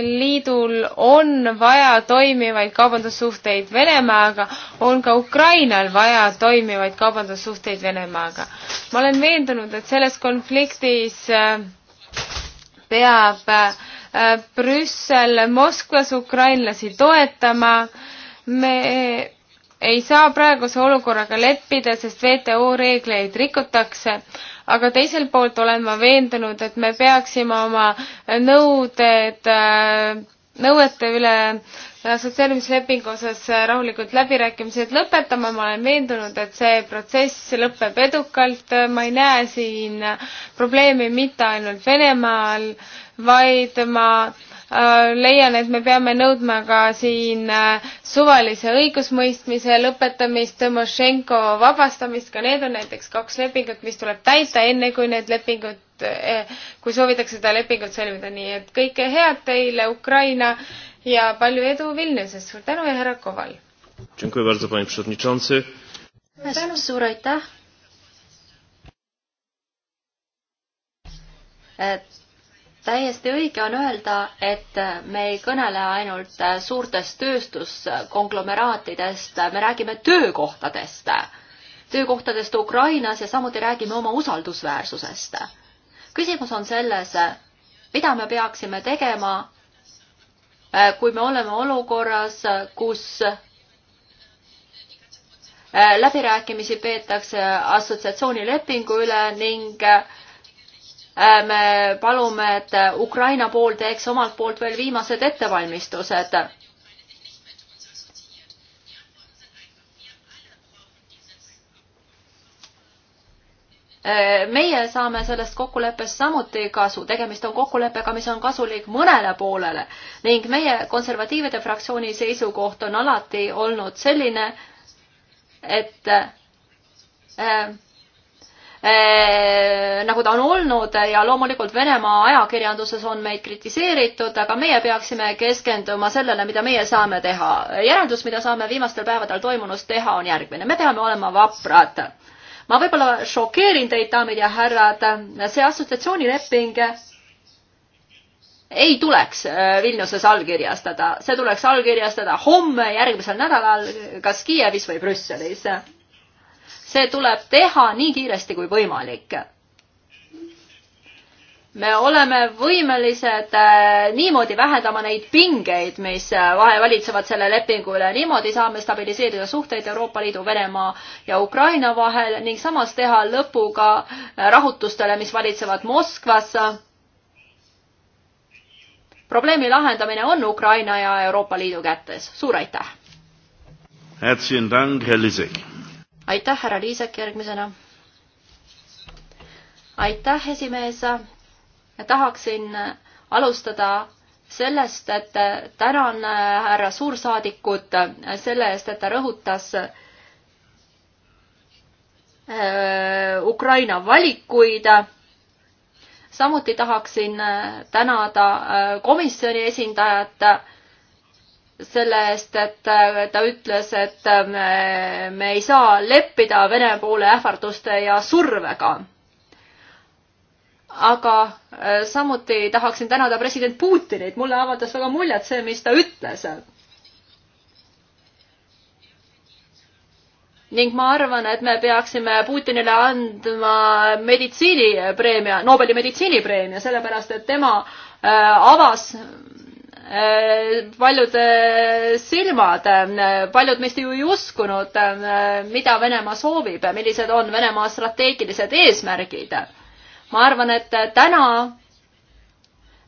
Liidul on vaja toimivaid kaubandussuhteid Venemaaga, on ka Ukrainal vaja toimivaid kaubandussuhteid Venemaaga. ma olen veendunud, et selles konfliktis äh, peab äh, Äh, Brüssel Moskvas ukrainlasi toetama. me ei saa praeguse olukorraga leppida, sest WTO reegleid rikutakse, aga teiselt poolt olen ma veendunud, et me peaksime oma nõuded, äh, nõuete üle assotsieerimislepingu äh, osas äh, rahulikult läbirääkimised lõpetama, ma olen veendunud, et see protsess lõpeb edukalt, äh, ma ei näe siin probleemi mitte ainult Venemaal, vaid ma leian, et me peame nõudma ka siin suvalise õigusmõistmise lõpetamist, Tõmošenko vabastamist, ka need on näiteks kaks lepingut, mis tuleb täita, enne kui need lepingud, kui soovitakse seda lepingut sõlmida, nii et kõike head teile, Ukraina ja palju edu Vilniuses, suur tänu ja härra Koval! suur aitäh! täiesti õige on öelda, et me ei kõnele ainult suurtest tööstuskonglomeraatidest, me räägime töökohtadest, töökohtadest Ukrainas ja samuti räägime oma usaldusväärsusest. küsimus on selles, mida me peaksime tegema Äh, kui me oleme olukorras, kus äh, läbirääkimisi peetakse assotsiatsioonilepingu üle ning äh, me palume, et Ukraina pool teeks omalt poolt veel viimased ettevalmistused Äh, meie saame sellest kokkuleppest samuti kasu, tegemist on kokkuleppega, mis on kasulik mõnele poolele ning meie konservatiivide fraktsiooni seisukoht on alati olnud selline, et äh, äh, nagu ta on olnud ja loomulikult Venemaa ajakirjanduses on meid kritiseeritud, aga meie peaksime keskenduma sellele, mida meie saame teha. järeldus, mida saame viimastel päevadel toimunust teha, on järgmine. me peame olema vaprad äh, ma võib-olla šokeerin teid, daamid ja härrad, see assotsiatsioonileping ei tuleks äh, Vilniuses allkirjastada, see tuleks allkirjastada homme, järgmisel nädalal, kas Kiievis või Brüsselis. see tuleb teha nii kiiresti kui võimalik me oleme võimelised äh, niimoodi vähendama neid pingeid, mis äh, vahe valitsevad selle lepingu üle, niimoodi saame stabiliseerida suhteid Euroopa Liidu, Venemaa ja Ukraina vahel ning samas teha lõpu ka äh, rahutustele, mis valitsevad Moskvas. probleemi lahendamine on Ukraina ja Euroopa Liidu kätes, suur aitäh! aitäh, härra Liisek järgmisena! aitäh, esimees! tahaksin alustada sellest, et tänan härra suursaadikut selle eest, et ta rõhutas äh, Ukraina valikuid. samuti tahaksin tänada äh, komisjoni esindajat selle eest, et äh, ta ütles, et me ei saa leppida Vene poole ähvarduste ja survega aga äh, samuti tahaksin tänada president Putinit, mulle avaldas väga muljet see, mis ta ütles. ning ma arvan, et me peaksime Putinile andma meditsiinipreemia, Nobeli meditsiinipreemia, sellepärast et tema äh, avas äh, paljude silmad, paljud meist ju ei uskunud, mida Venemaa soovib, millised on Venemaa strateegilised eesmärgid ma arvan, et äh, täna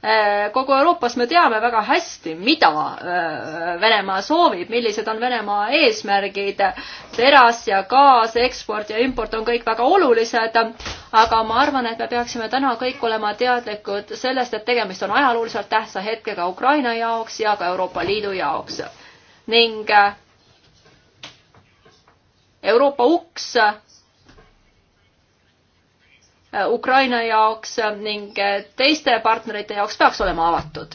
äh, kogu Euroopas me teame väga hästi, mida äh, Venemaa soovib, millised on Venemaa eesmärgid. teras ja gaas, eksport ja import on kõik väga olulised, aga ma arvan, et me peaksime täna kõik olema teadlikud sellest, et tegemist on ajalooliselt tähtsa hetkega Ukraina jaoks ja ka Euroopa Liidu jaoks. ning Euroopa uks Äh, Ukraina jaoks äh, ning äh, teiste partnerite jaoks peaks olema avatud.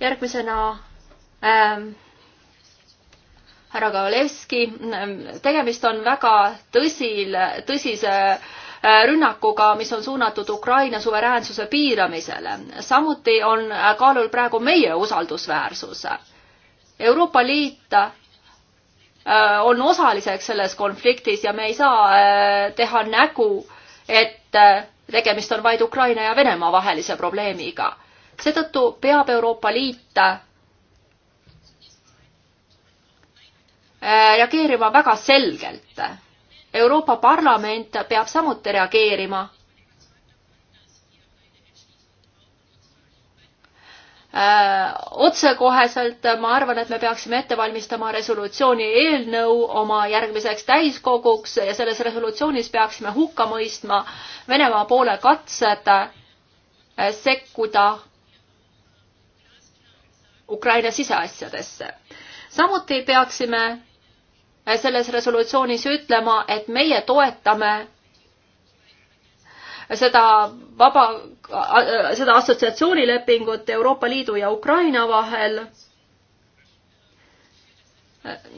järgmisena ähm, härra Kavaleski, ähm, tegemist on väga tõsil, tõsise rünnakuga, mis on suunatud Ukraina suveräänsuse piiramisele. samuti on kaalul praegu meie usaldusväärsus. Euroopa Liit Äh, on osaliseks selles konfliktis ja me ei saa äh, teha nägu, et äh, tegemist on vaid Ukraina ja Venemaa vahelise probleemiga. seetõttu peab Euroopa Liit reageerima väga selgelt. Euroopa Parlament peab samuti reageerima Äh, otsekoheselt ma arvan, et me peaksime ette valmistama resolutsiooni eelnõu oma järgmiseks täiskoguks ja selles resolutsioonis peaksime hukka mõistma Venemaa poole katsed äh, sekkuda Ukraina siseasjadesse. samuti peaksime äh, selles resolutsioonis ütlema, et meie toetame seda vaba, seda assotsiatsioonilepingut Euroopa Liidu ja Ukraina vahel.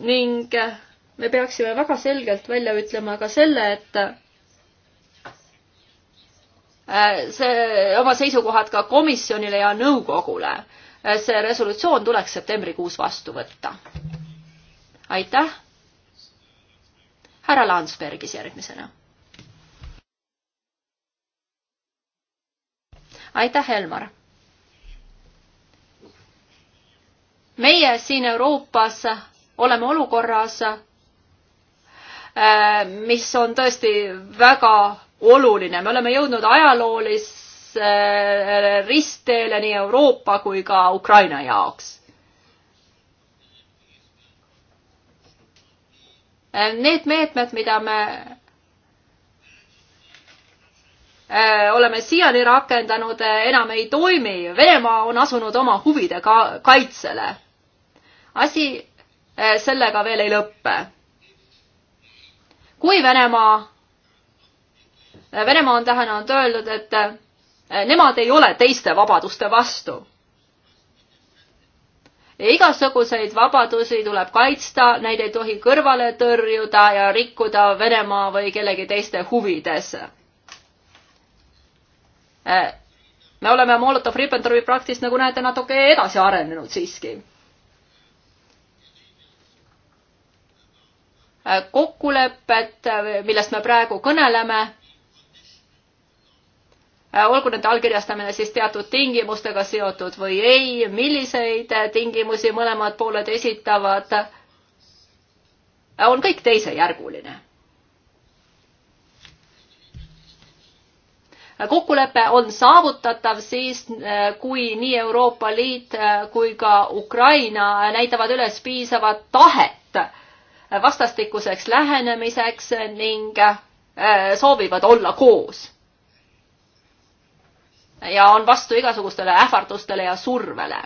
ning me peaksime väga selgelt välja ütlema ka selle, et äh, see, oma seisukohad ka komisjonile ja nõukogule. Äh, see resolutsioon tuleks septembrikuus vastu võtta. aitäh. härra Landsbergis järgmisena aitäh, Elmar! meie siin Euroopas oleme olukorras, äh, mis on tõesti väga oluline, me oleme jõudnud ajaloolisse äh, ristteele nii Euroopa kui ka Ukraina jaoks. Äh, need meetmed, mida me Äh, oleme siiani rakendanud, äh, enam ei toimi. Venemaa on asunud oma huvide ka kaitsele. asi äh, sellega veel ei lõppe. kui Venemaa, Venemaa on tähendanud öeldud, et nemad ei ole teiste vabaduste vastu. igasuguseid vabadusi tuleb kaitsta, neid ei tohi kõrvale tõrjuda ja rikkuda Venemaa või kellegi teiste huvides Äh, me oleme Molotov-Ribbentropi praktist, nagu näete, natuke edasi arenenud siiski. Äh, kokkulepped, äh, millest me praegu kõneleme, olgu nende allkirjastamine siis teatud tingimustega seotud või ei, milliseid tingimusi mõlemad pooled esitavad, on kõik teisejärguline kokkulepe on saavutatav siis, eh, kui nii Euroopa Liit eh, kui ka Ukraina näitavad üles piisavat tahet eh, vastastikuseks lähenemiseks ning soovivad olla koos. ja on vastu igasugustele ähvardustele ja survele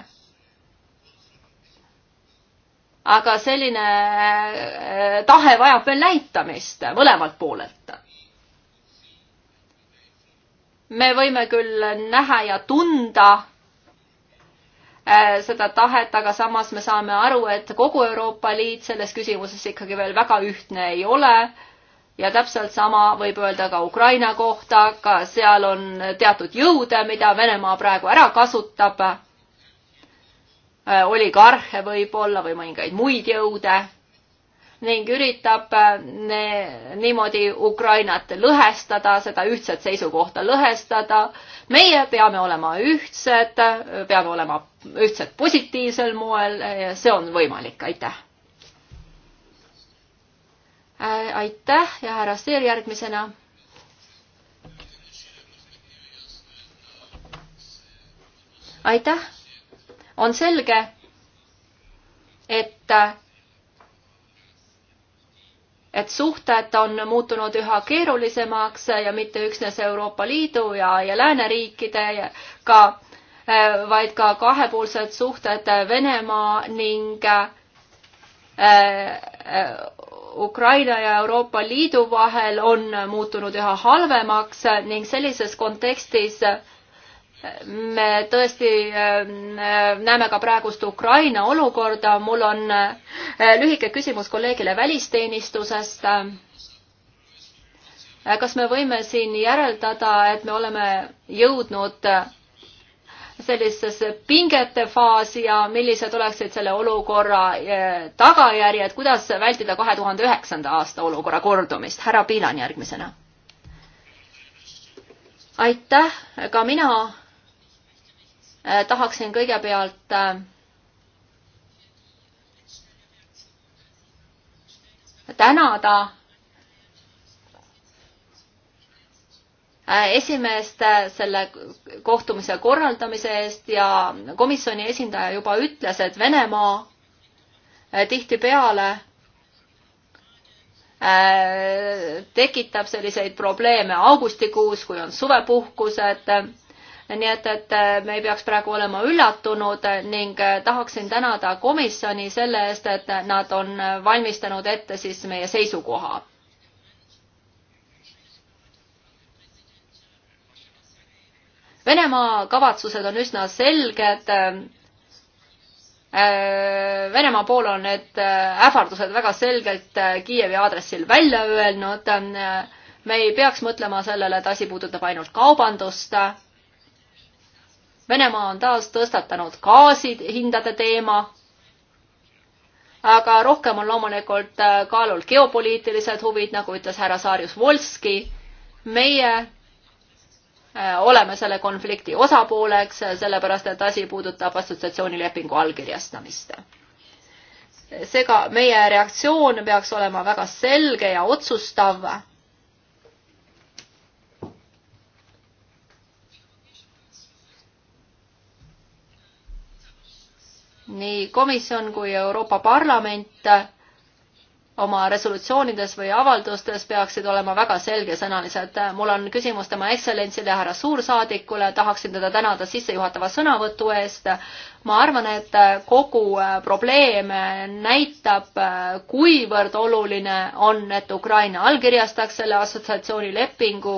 aga selline tahe vajab veel näitamist mõlemalt poolelt. me võime küll näha ja tunda äh, seda tahet, aga samas me saame aru, et kogu Euroopa Liit selles küsimuses ikkagi veel väga ühtne ei ole. ja täpselt sama võib öelda ka Ukraina kohta, ka seal on teatud jõude, mida Venemaa praegu ära kasutab. Äh, oligarhe võib-olla või mõningaid muid jõude ning üritab äh, ne, niimoodi Ukrainat lõhestada, seda ühtset seisukohta lõhestada. meie peame olema ühtsed, peame olema ühtsed positiivsel moel ja see on võimalik, aitäh. Äh, aitäh ja härra Steer järgmisena. aitäh, on selge, et äh, et suhted on muutunud üha keerulisemaks ja mitte üksnes Euroopa Liidu ja, ja lääneriikidega, eh, vaid ka kahepoolsed suhted Venemaa ning eh, eh, Ukraina ja Euroopa Liidu vahel on muutunud üha halvemaks ning sellises kontekstis äh, me tõesti ähm, äh, näeme ka praegust Ukraina olukorda. mul on äh, lühike küsimus kolleegile välisteenistusest. Äh, kas me võime siin järeldada, et me oleme jõudnud sellisesse pingete faasi ja millised oleksid selle olukorra tagajärjed, kuidas vältida kahe tuhande üheksanda aasta olukorra kordumist? härra Piilan järgmisena. aitäh, ka mina Äh, tahaksin kõigepealt äh, tänada äh, esimeest selle kohtumise korraldamise eest ja komisjoni esindaja juba ütles, et Venemaa tihtipeale tekitab selliseid probleeme augustikuus, kui on suvepuhkused nii et, et äh, me ei peaks praegu olema üllatunud ning äh, tahaksin tänada komisjoni selle eest, et nad on valmistanud ette siis meie seisukoha. Venemaa kavatsused on üsna selged äh, Venemaa pool on need ähvardused väga selgelt Kiievi aadressil välja öelnud. me ei peaks mõtlema sellele, et asi puudutab ainult kaubandust. Venemaa on taas tõstatanud gaasihindade teema, aga rohkem on loomulikult äh, kaalul geopoliitilised huvid, nagu ütles härra Saarjus Volski. meie äh, oleme selle konflikti osapooleks, äh, sellepärast et asi puudutab assotsiatsioonilepingu allkirjastamist. seega meie reaktsioon peaks olema väga selge ja otsustav nii komisjon kui Euroopa Parlament oma resolutsioonides või avaldustes peaksid olema väga selgesõnalised. mul on küsimus tema ekstsellentsile härra suursaadikule, tahaksin teda tänada sissejuhatava sõnavõtu eest. ma arvan, et kogu probleem näitab, kuivõrd oluline on, et Ukraina allkirjastaks selle assotsiatsioonilepingu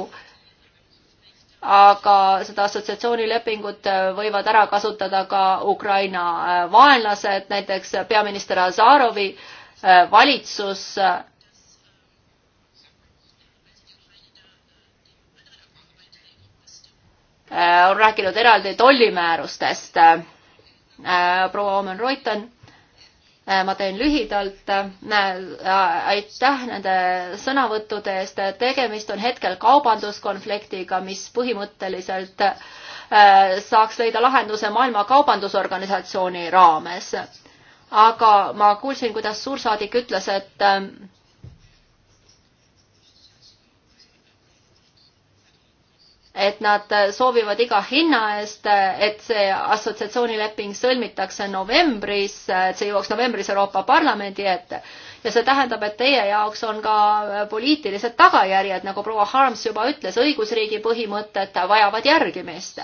aga seda assotsiatsioonilepingut äh, võivad ära kasutada ka Ukraina äh, vaenlased, näiteks peaminister Azarovi äh, valitsus on rääkinud eraldi tollimäärustest. proua Omen Reuten Äh, ma teen lühidalt, äh, aitäh nende sõnavõttude eest, tegemist on hetkel kaubanduskonfliktiga, mis põhimõtteliselt äh, saaks leida lahenduse Maailma Kaubandusorganisatsiooni raames. aga ma kuulsin, kuidas suursaadik ütles, et et nad soovivad iga hinna eest, et see assotsiatsioonileping sõlmitakse novembris, et see jõuaks novembris Euroopa Parlamendi ette. ja see tähendab, et teie jaoks on ka poliitilised tagajärjed, nagu proua Harms juba ütles, õigusriigi põhimõtted vajavad järgimist.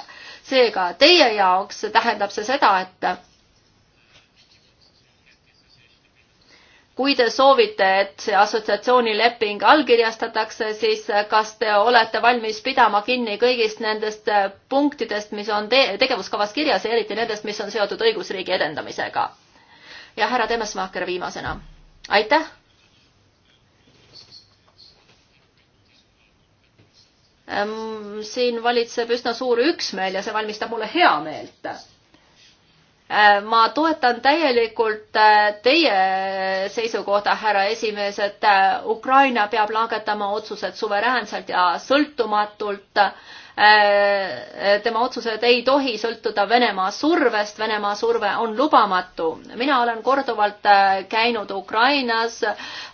seega teie jaoks tähendab see seda, et kui te soovite, et see assotsiatsioonileping allkirjastatakse, siis äh, kas te olete valmis pidama kinni kõigist nendest äh, punktidest, mis on te tegevuskavas kirjas ja eriti nendest, mis on seotud õigusriigi edendamisega? ja härra Temesmaaker viimasena. aitäh! Ähm, siin valitseb üsna suur üksmeel ja see valmistab mulle heameelt Äh, ma toetan täielikult äh, teie seisukohta, härra esimees, et äh, Ukraina peab langetama otsused suveräänselt ja sõltumatult. tema otsused ei tohi sõltuda Venemaa survest, Venemaa surve on lubamatu. mina olen korduvalt käinud Ukrainas,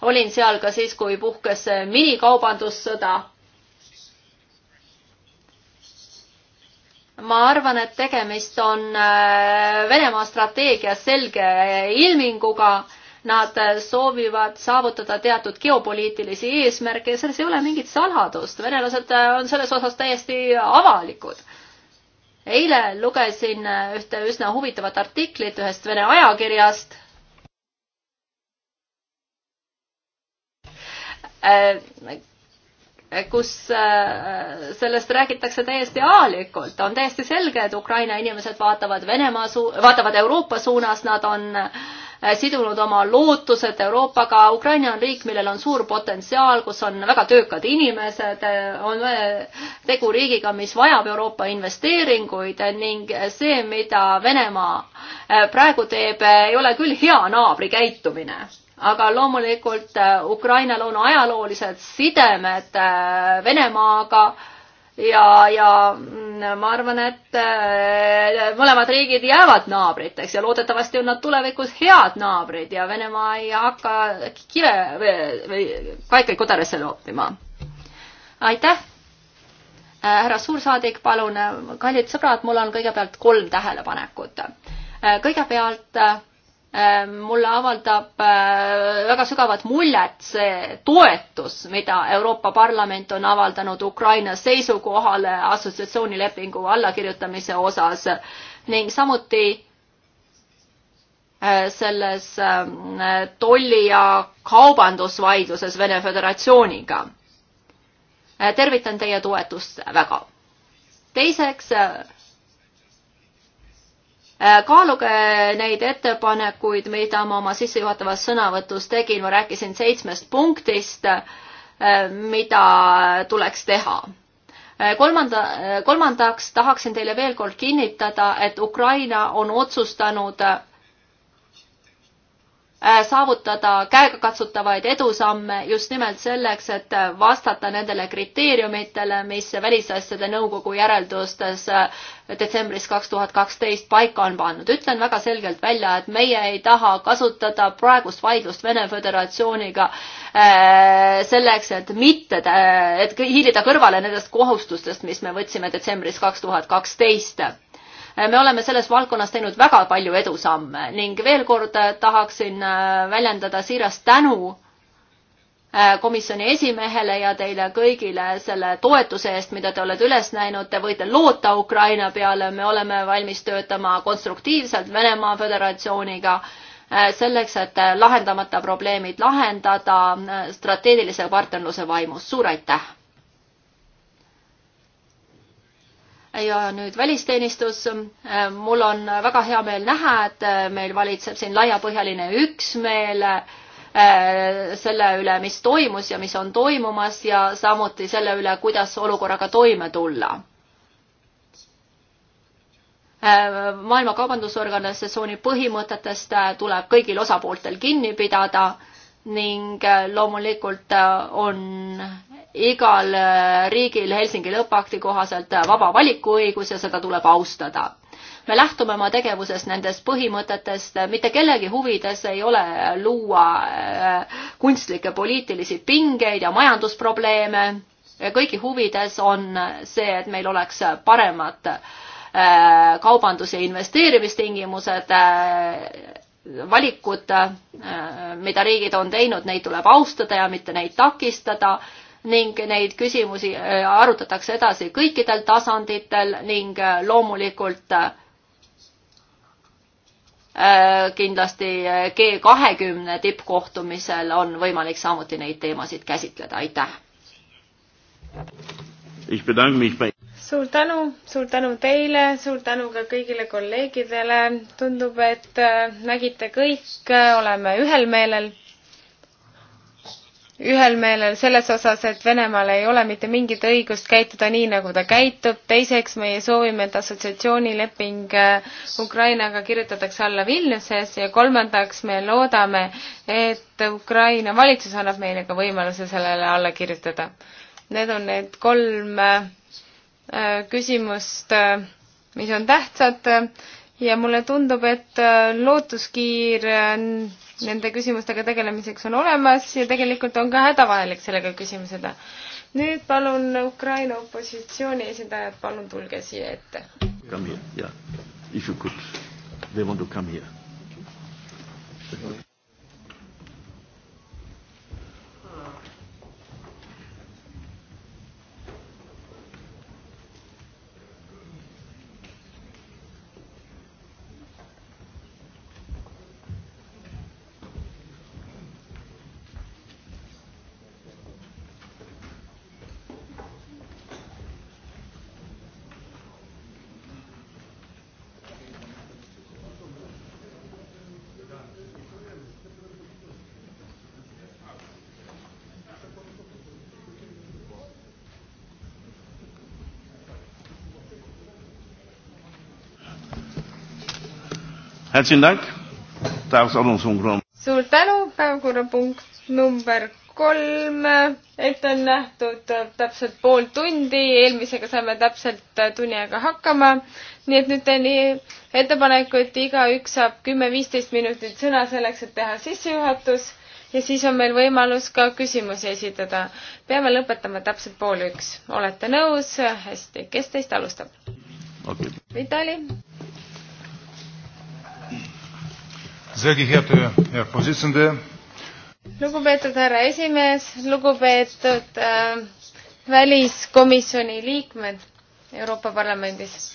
olin seal ka siis, kui puhkes minikaubandussõda ma arvan, et tegemist on äh, Venemaa strateegia selge ilminguga. Nad äh, soovivad saavutada teatud geopoliitilisi eesmärke ja selles ei ole mingit saladust. venelased äh, on selles osas täiesti avalikud. eile lugesin ühte üsna huvitavat artiklit ühest Vene ajakirjast kus äh, sellest räägitakse täiesti avalikult, on täiesti selge, et Ukraina inimesed vaatavad Venemaa suu-, vaatavad Euroopa suunas, nad on äh, sidunud oma lootused Euroopaga, Ukraina on riik, millel on suur potentsiaal, kus on väga töökad inimesed, äh, on tegu riigiga, mis vajab Euroopa investeeringuid ning see, mida Venemaa praegu teeb, ei ole küll hea naabri käitumine aga loomulikult äh, Ukrainal on ajaloolised sidemed äh, Venemaaga ja, ja mm, ma arvan, et äh, mõlemad riigid jäävad naabriteks ja loodetavasti on nad tulevikus head naabrid ja Venemaa ei hakka kive või, või kaikaid kodarisse loopima. aitäh! härra suursaadik, palun, kallid sõbrad, mul on kõigepealt kolm tähelepanekut. kõigepealt Ehm, mulle avaldab ehm, väga sügavat muljet see toetus, mida Euroopa Parlament on avaldanud Ukraina seisukohale assotsiatsioonilepingu allakirjutamise osas ning samuti ehm, selles tolli- ja kaubandusvaidluses Vene Föderatsiooniga. tervitan teie toetust väga. teiseks Äh, kaaluge neid ettepanekuid, mida ma oma sissejuhatavas sõnavõtus tegin, ma rääkisin seitsmest punktist, äh, mida tuleks teha äh, kolmanda, kolmandaks tahaksin teile veel kord kinnitada, et Ukraina on otsustanud Äh, saavutada käegakatsutavaid edusamme just nimelt selleks, et vastata nendele kriteeriumitele, mis Välisasjade Nõukogu järeldustes äh, detsembris kaks tuhat kaksteist paika on pannud. ütlen väga selgelt välja, et meie ei taha kasutada praegust vaidlust Vene Föderatsiooniga äh, selleks, et mitte, et hiilida kõrvale nendest kohustustest, mis me võtsime detsembris kaks tuhat kaksteist me oleme selles valdkonnas teinud väga palju edusamme ning veel kord äh, tahaksin äh, väljendada siirast tänu äh, komisjoni esimehele ja teile kõigile selle toetuse eest, mida te olete üles näinud, te võite loota Ukraina peale, me oleme valmis töötama konstruktiivselt Venemaa Föderatsiooniga selleks, et lahendamata probleemid lahendada strateegilise partnerluse vaimus. suur aitäh! ja nüüd välisteenistus. Äh, mul on väga hea meel näha, et äh, meil valitseb siin laiapõhjaline üksmeel äh, selle üle, mis toimus ja mis on toimumas ja samuti selle üle, kuidas olukorraga toime tulla. maailma Kaubandusorganisatsiooni põhimõtetest tuleb kõigil osapooltel kinni pidada ning loomulikult on igal äh, riigil Helsingi lõppakti kohaselt äh, vaba valikuõigus ja seda tuleb austada. me lähtume oma tegevuses nendest põhimõtetest, äh, mitte kellegi huvides ei ole luua kunstlikke poliitilisi pingeid ja majandusprobleeme. kõigi huvides on see, et meil oleks paremad kaubandus- ja investeerimistingimused valikud, mida riigid on teinud, neid tuleb austada ja mitte neid takistada ning neid küsimusi äh, arutatakse edasi kõikidel tasanditel ning äh, loomulikult äh, kindlasti G kahekümne tippkohtumisel on võimalik samuti neid teemasid käsitleda, aitäh! suur tänu, suur tänu teile, suur tänu ka kõigile kolleegidele, tundub, et nägite kõik, oleme ühel meelel ühel meelel selles osas, et Venemaal ei ole mitte mingit õigust käituda nii, nagu ta käitub, teiseks meie soovime, et assotsiatsioonileping äh, Ukrainaga kirjutatakse alla Vilniuses ja kolmandaks me loodame, et Ukraina valitsus annab meile ka võimaluse sellele alla kirjutada. Need on need kolm äh, äh, küsimust, mis on tähtsad ja mulle tundub, et äh, lootuskiir äh, nende küsimustega tegelemiseks on olemas ja tegelikult on ka hädavajalik sellega küsimusega. nüüd palun Ukraina opositsiooni esindajad, palun tulge siia ette. Come here, yeah. If you could, they want to come here. suur tänu, päevakorrapunkt number kolm, ette on nähtud täpselt pool tundi, eelmisega saime täpselt tunni aega hakkama. nii et nüüd teen ettepaneku, et igaüks saab kümme-viisteist minutit sõna selleks, et teha sissejuhatus ja siis on meil võimalus ka küsimusi esitada. peame lõpetama täpselt pool üks, olete nõus? hästi, kes teist alustab okay.? Vitali lugupeetud härra esimees, lugupeetud äh, väliskomisjoni liikmed Euroopa Parlamendis.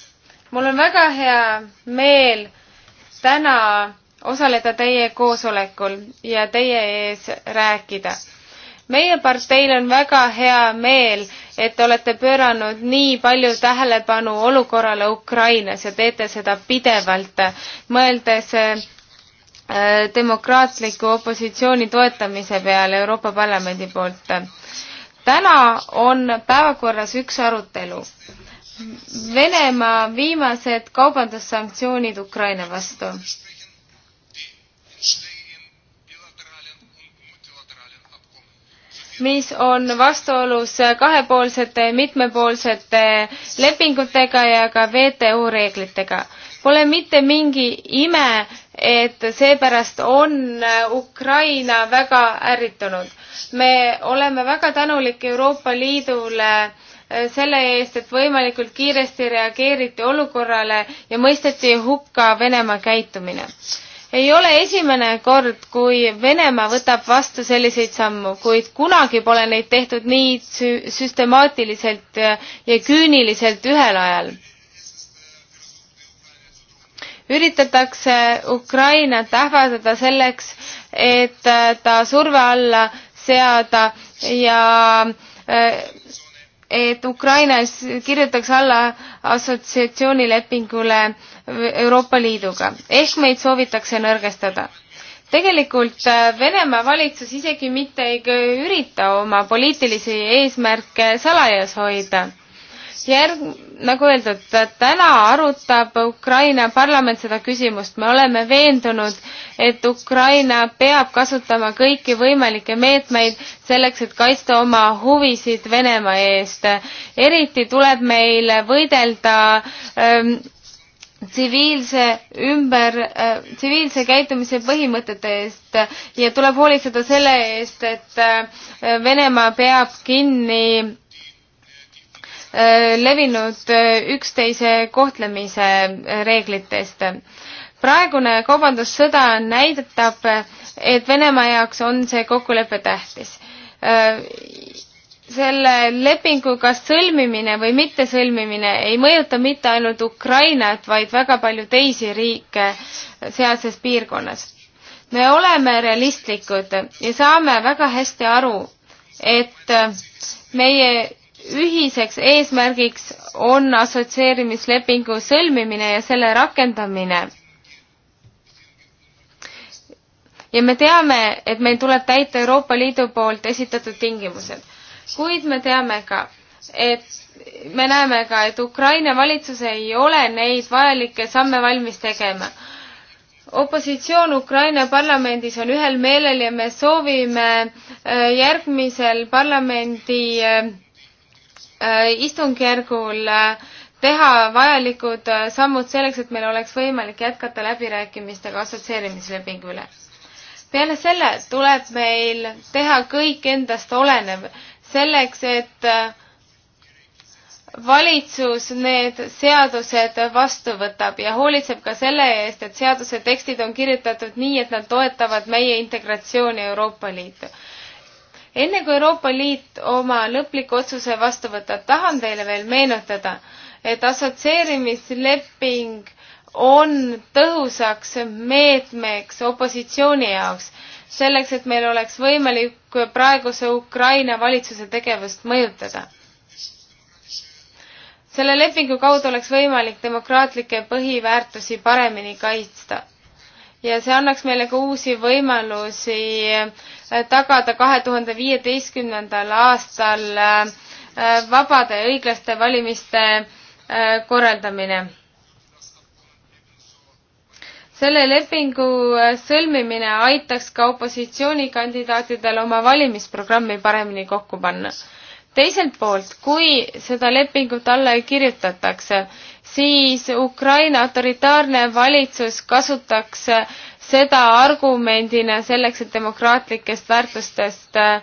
mul on väga hea meel täna osaleda teie koosolekul ja teie ees rääkida. meie parteil on väga hea meel, et te olete pööranud nii palju tähelepanu olukorrale Ukrainas ja teete seda pidevalt, mõeldes äh, Äh, demokraatliku opositsiooni toetamise peale Euroopa Parlamendi poolt. täna on päevakorras üks arutelu. Venemaa viimased kaubandussanktsioonid Ukraina vastu. mis on vastuolus kahepoolsete mitmepoolsete lepingutega ja ka WTO reeglitega. Pole mitte mingi ime, et seepärast on äh, Ukraina väga ärritunud. me oleme väga tänulik Euroopa Liidule äh, selle eest, et võimalikult kiiresti reageeriti olukorrale ja mõisteti hukka Venemaa käitumine. ei ole esimene kord, kui Venemaa võtab vastu selliseid sammu, kuid kunagi pole neid tehtud nii sü süstemaatiliselt äh, ja küüniliselt ühel ajal üritatakse Ukrainat ähvardada selleks, et äh, ta surve alla seada ja äh, et Ukrainas kirjutaks alla assotsiatsioonilepingule Euroopa Liiduga ehk meid soovitakse nõrgestada tegelikult äh, Venemaa valitsus isegi mitte ei ürita oma poliitilisi eesmärke salajas hoida järg, nagu öeldud, täna arutab Ukraina parlament seda küsimust. me oleme veendunud, et Ukraina peab kasutama kõiki võimalikke meetmeid selleks, et kaitsta oma huvisid Venemaa eest. eriti tuleb meil võidelda ähm, tsiviilse ümber äh,, tsiviilse käitumise põhimõtete eest ja tuleb hoolitseda selle eest, et äh, Venemaa peab kinni Äh, levinud äh, üksteise kohtlemise äh, reeglitest. praegune kaubandussõda näitab, et Venemaa jaoks on see kokkulepe tähtis selle lepinguga sõlmimine või mittesõlmimine ei mõjuta mitte ainult Ukrainat, vaid väga palju teisi riike sealses piirkonnas. me oleme realistlikud ja saame väga hästi aru, et meie ühiseks eesmärgiks on assotsieerimislepingu sõlmimine ja selle rakendamine. ja me teame, et meil tuleb täita Euroopa Liidu poolt esitatud tingimused, kuid me teame ka, et me näeme ka, et Ukraina valitsus ei ole neid vajalikke samme valmis tegema opositsioon Ukraina parlamendis on ühel meelel ja me soovime äh, järgmisel parlamendi äh, Äh, istungjärgul äh, teha vajalikud äh, sammud selleks, et meil oleks võimalik jätkata läbirääkimistega assotsieerimislepingu üle. peale selle tuleb meil teha kõik endast olenev selleks, et valitsus need seadused vastu võtab ja hoolitseb ka selle eest, et seaduse tekstid on kirjutatud nii, et nad toetavad meie integratsiooni Euroopa Liitu enne kui Euroopa Liit oma lõpliku otsuse vastu võtab, tahan teile veel meenutada, et assotsieerimisleping on tõhusaks meetmeks opositsiooni jaoks, selleks, et meil oleks võimalik praeguse Ukraina valitsuse tegevust mõjutada. selle lepingu kaudu oleks võimalik demokraatlikke põhiväärtusi paremini kaitsta ja see annaks meile ka uusi võimalusi tagada kahe tuhande viieteistkümnendal aastal äh, vabade ja õiglaste valimiste äh, korraldamine. selle lepingu äh, sõlmimine aitaks ka opositsioonikandidaatidel oma valimisprogrammi paremini kokku panna. teiselt poolt, kui seda lepingut alla ei kirjutatakse, siis Ukraina autoritaarne valitsus kasutaks seda argumendina selleks, et demokraatlikest väärtustest äh,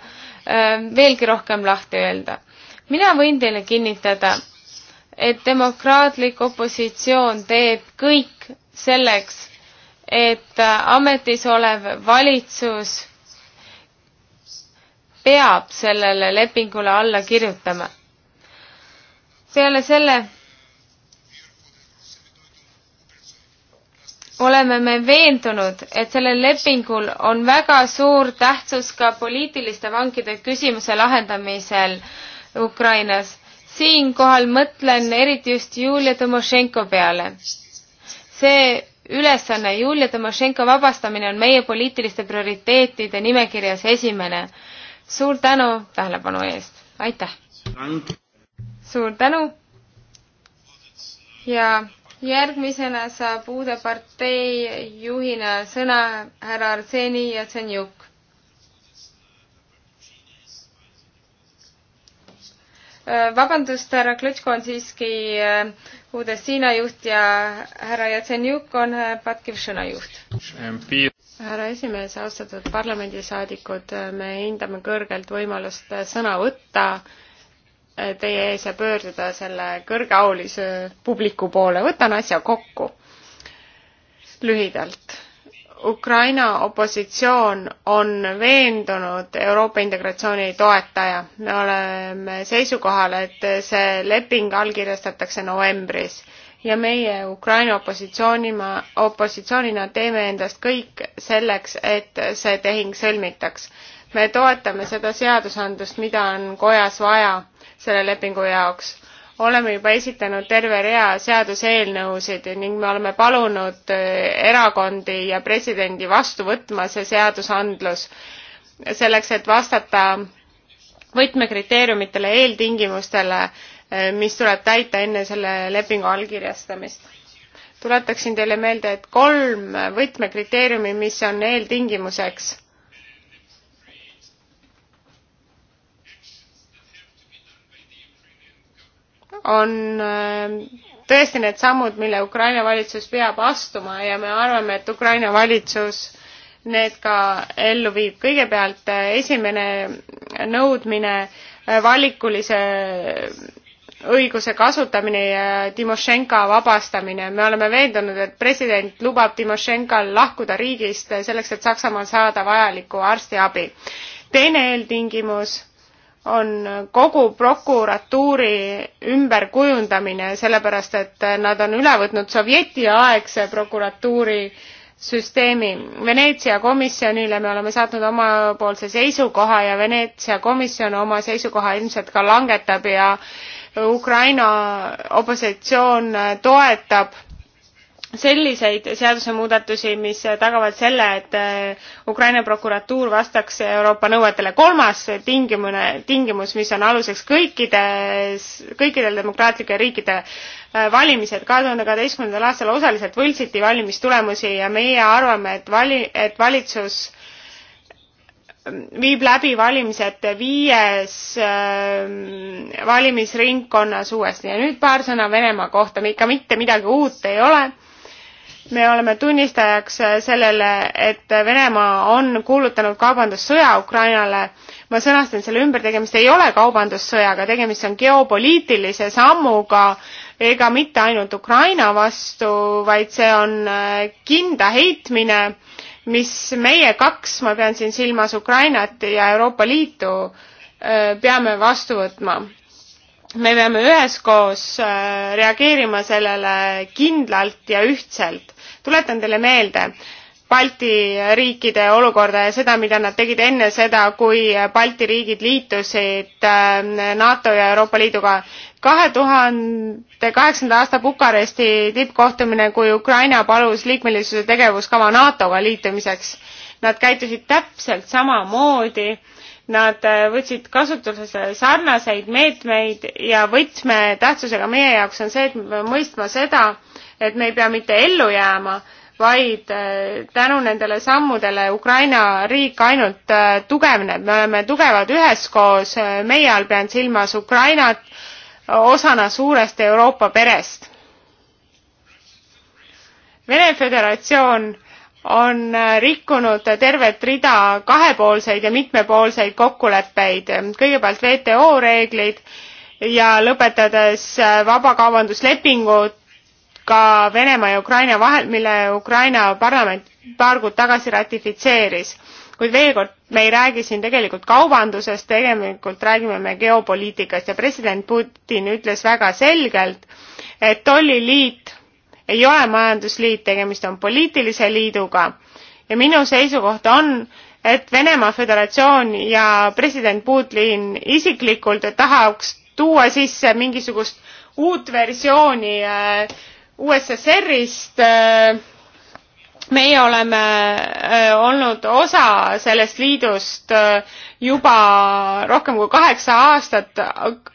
äh, veelgi rohkem lahti öelda. mina võin teile kinnitada, et demokraatlik opositsioon teeb kõik selleks, et ametis olev valitsus peab sellele lepingule alla kirjutama. peale selle oleme me veendunud, et sellel lepingul on väga suur tähtsus ka poliitiliste vangide küsimuse lahendamisel Ukrainas. siinkohal mõtlen eriti just Julia Tomošenko peale. see ülesanne, Julia Tomošenko vabastamine on meie poliitiliste prioriteetide nimekirjas esimene. suur tänu tähelepanu eest, aitäh! suur tänu ja järgmisena saab uude partei juhina sõna härra Arseni Jatsenjuk. Äh, vabandust, härra Klõtško on siiski äh, Udessina juht ja härra Jatsenjuk on äh, Patkivšõna juht. härra esimees, austatud parlamendisaadikud, me hindame kõrgelt võimalust sõna võtta teie ees ja pöörduda selle kõrgeaulise publiku poole. võtan asja kokku lühidalt. Ukraina opositsioon on veendunud Euroopa integratsiooni toetaja. me oleme seisukohal, et see leping allkirjastatakse novembris ja meie Ukraina opositsioonima, opositsioonina teeme endast kõik selleks, et see tehing sõlmitaks. me toetame seda seadusandlust, mida on kojas vaja selle lepingu jaoks. oleme juba esitanud terve rea seaduseelnõusid ning me oleme palunud eh, erakondi ja presidendi vastu võtma see seadusandlus selleks, et vastata võtmekriteeriumitele, eeltingimustele, eh, mis tuleb täita enne selle lepingu allkirjastamist. tuletaksin teile meelde, et kolm võtmekriteeriumi, mis on eeltingimuseks on äh, tõesti need sammud, mille Ukraina valitsus peab astuma ja me arvame, et Ukraina valitsus need ka ellu viib. kõigepealt äh, esimene nõudmine äh, valikulise õiguse kasutamine ja Timošenka vabastamine. me oleme veendunud, et president lubab Timošenkal lahkuda riigist selleks, et Saksamaal saada vajalikku arstiabi. teine eeltingimus on kogu prokuratuuri ümberkujundamine, sellepärast et nad on üle võtnud sovjetiaegse prokuratuuri süsteemi. Veneetsia komisjonile me oleme saatnud omapoolse seisukoha ja Veneetsia komisjon oma seisukoha ilmselt ka langetab ja Ukraina opositsioon toetab selliseid seadusemuudatusi, mis tagavad selle, et äh, Ukraina prokuratuur vastaks Euroopa nõuetele. kolmas tingimune, tingimus, mis on aluseks kõikides, kõikidel demokraatlike riikide äh, valimised. kahe tuhande kaheteistkümnendal aastal osaliselt võltsiti valimistulemusi ja meie arvame, et vali, et valitsus ähm, viib läbi valimised viies ähm, valimisringkonnas uuesti ja nüüd paar sõna Venemaa kohta, ikka mitte midagi uut ei ole me oleme tunnistajaks sellele, et Venemaa on kuulutanud kaubandussõja Ukrainale. ma sõnastan selle ümber, tegemist ei ole kaubandussõjaga, tegemist on geopoliitilise sammuga ega mitte ainult Ukraina vastu, vaid see on äh, kinda heitmine, mis meie kaks, ma pean siin silmas Ukrainat ja Euroopa Liitu, äh, peame vastu võtma me peame üheskoos äh, reageerima sellele kindlalt ja ühtselt. tuletan teile meelde Balti riikide olukorda ja seda, mida nad tegid enne seda, kui Balti riigid liitusid äh, NATO ja Euroopa Liiduga. kahe tuhande kaheksanda aasta Bukaresti tippkohtumine, kui Ukraina palus liikmelisuse tegevuskava NATO-ga liitumiseks. Nad käitusid täpselt samamoodi Nad äh, võtsid kasutusele sarnaseid meetmeid ja võtmetähtsusega meie jaoks on see, et me peame mõistma seda, et me ei pea mitte ellu jääma, vaid äh, tänu nendele sammudele Ukraina riik ainult äh, tugevneb, me oleme tugevad üheskoos, meie all pean silmas Ukrainat osana suurest Euroopa perest. Vene Föderatsioon on äh, rikkunud tervet rida kahepoolseid ja mitmepoolseid kokkuleppeid, kõigepealt WTO reeglid ja lõpetades äh, vabakaubanduslepingud ka Venemaa ja Ukraina vahel, mille Ukraina parlament paar kuud tagasi ratifitseeris. kuid veel kord, me ei räägi siin tegelikult kaubandusest, tegelikult räägime me geopoliitikast ja president Putin ütles väga selgelt, et tolliliit ei ole majandusliit, tegemist on poliitilise liiduga ja minu seisukoht on, et Venemaa Föderatsioon ja president Putin isiklikult tahaks tuua sisse mingisugust uut versiooni äh, USSR-ist. Äh, meie oleme äh, olnud osa sellest liidust juba rohkem kui kaheksa aastat,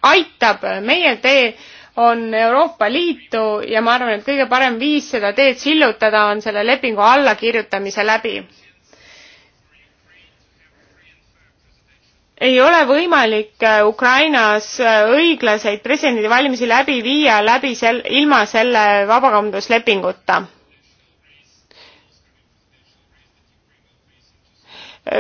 aitab meie tee on Euroopa Liitu ja ma arvan, et kõige parem viis seda teed sillutada on selle lepingu allakirjutamise läbi. ei ole võimalik äh, Ukrainas äh, õiglaseid presidendivalimisi läbi viia läbi sel-, ilma selle vabakaubanduslepinguta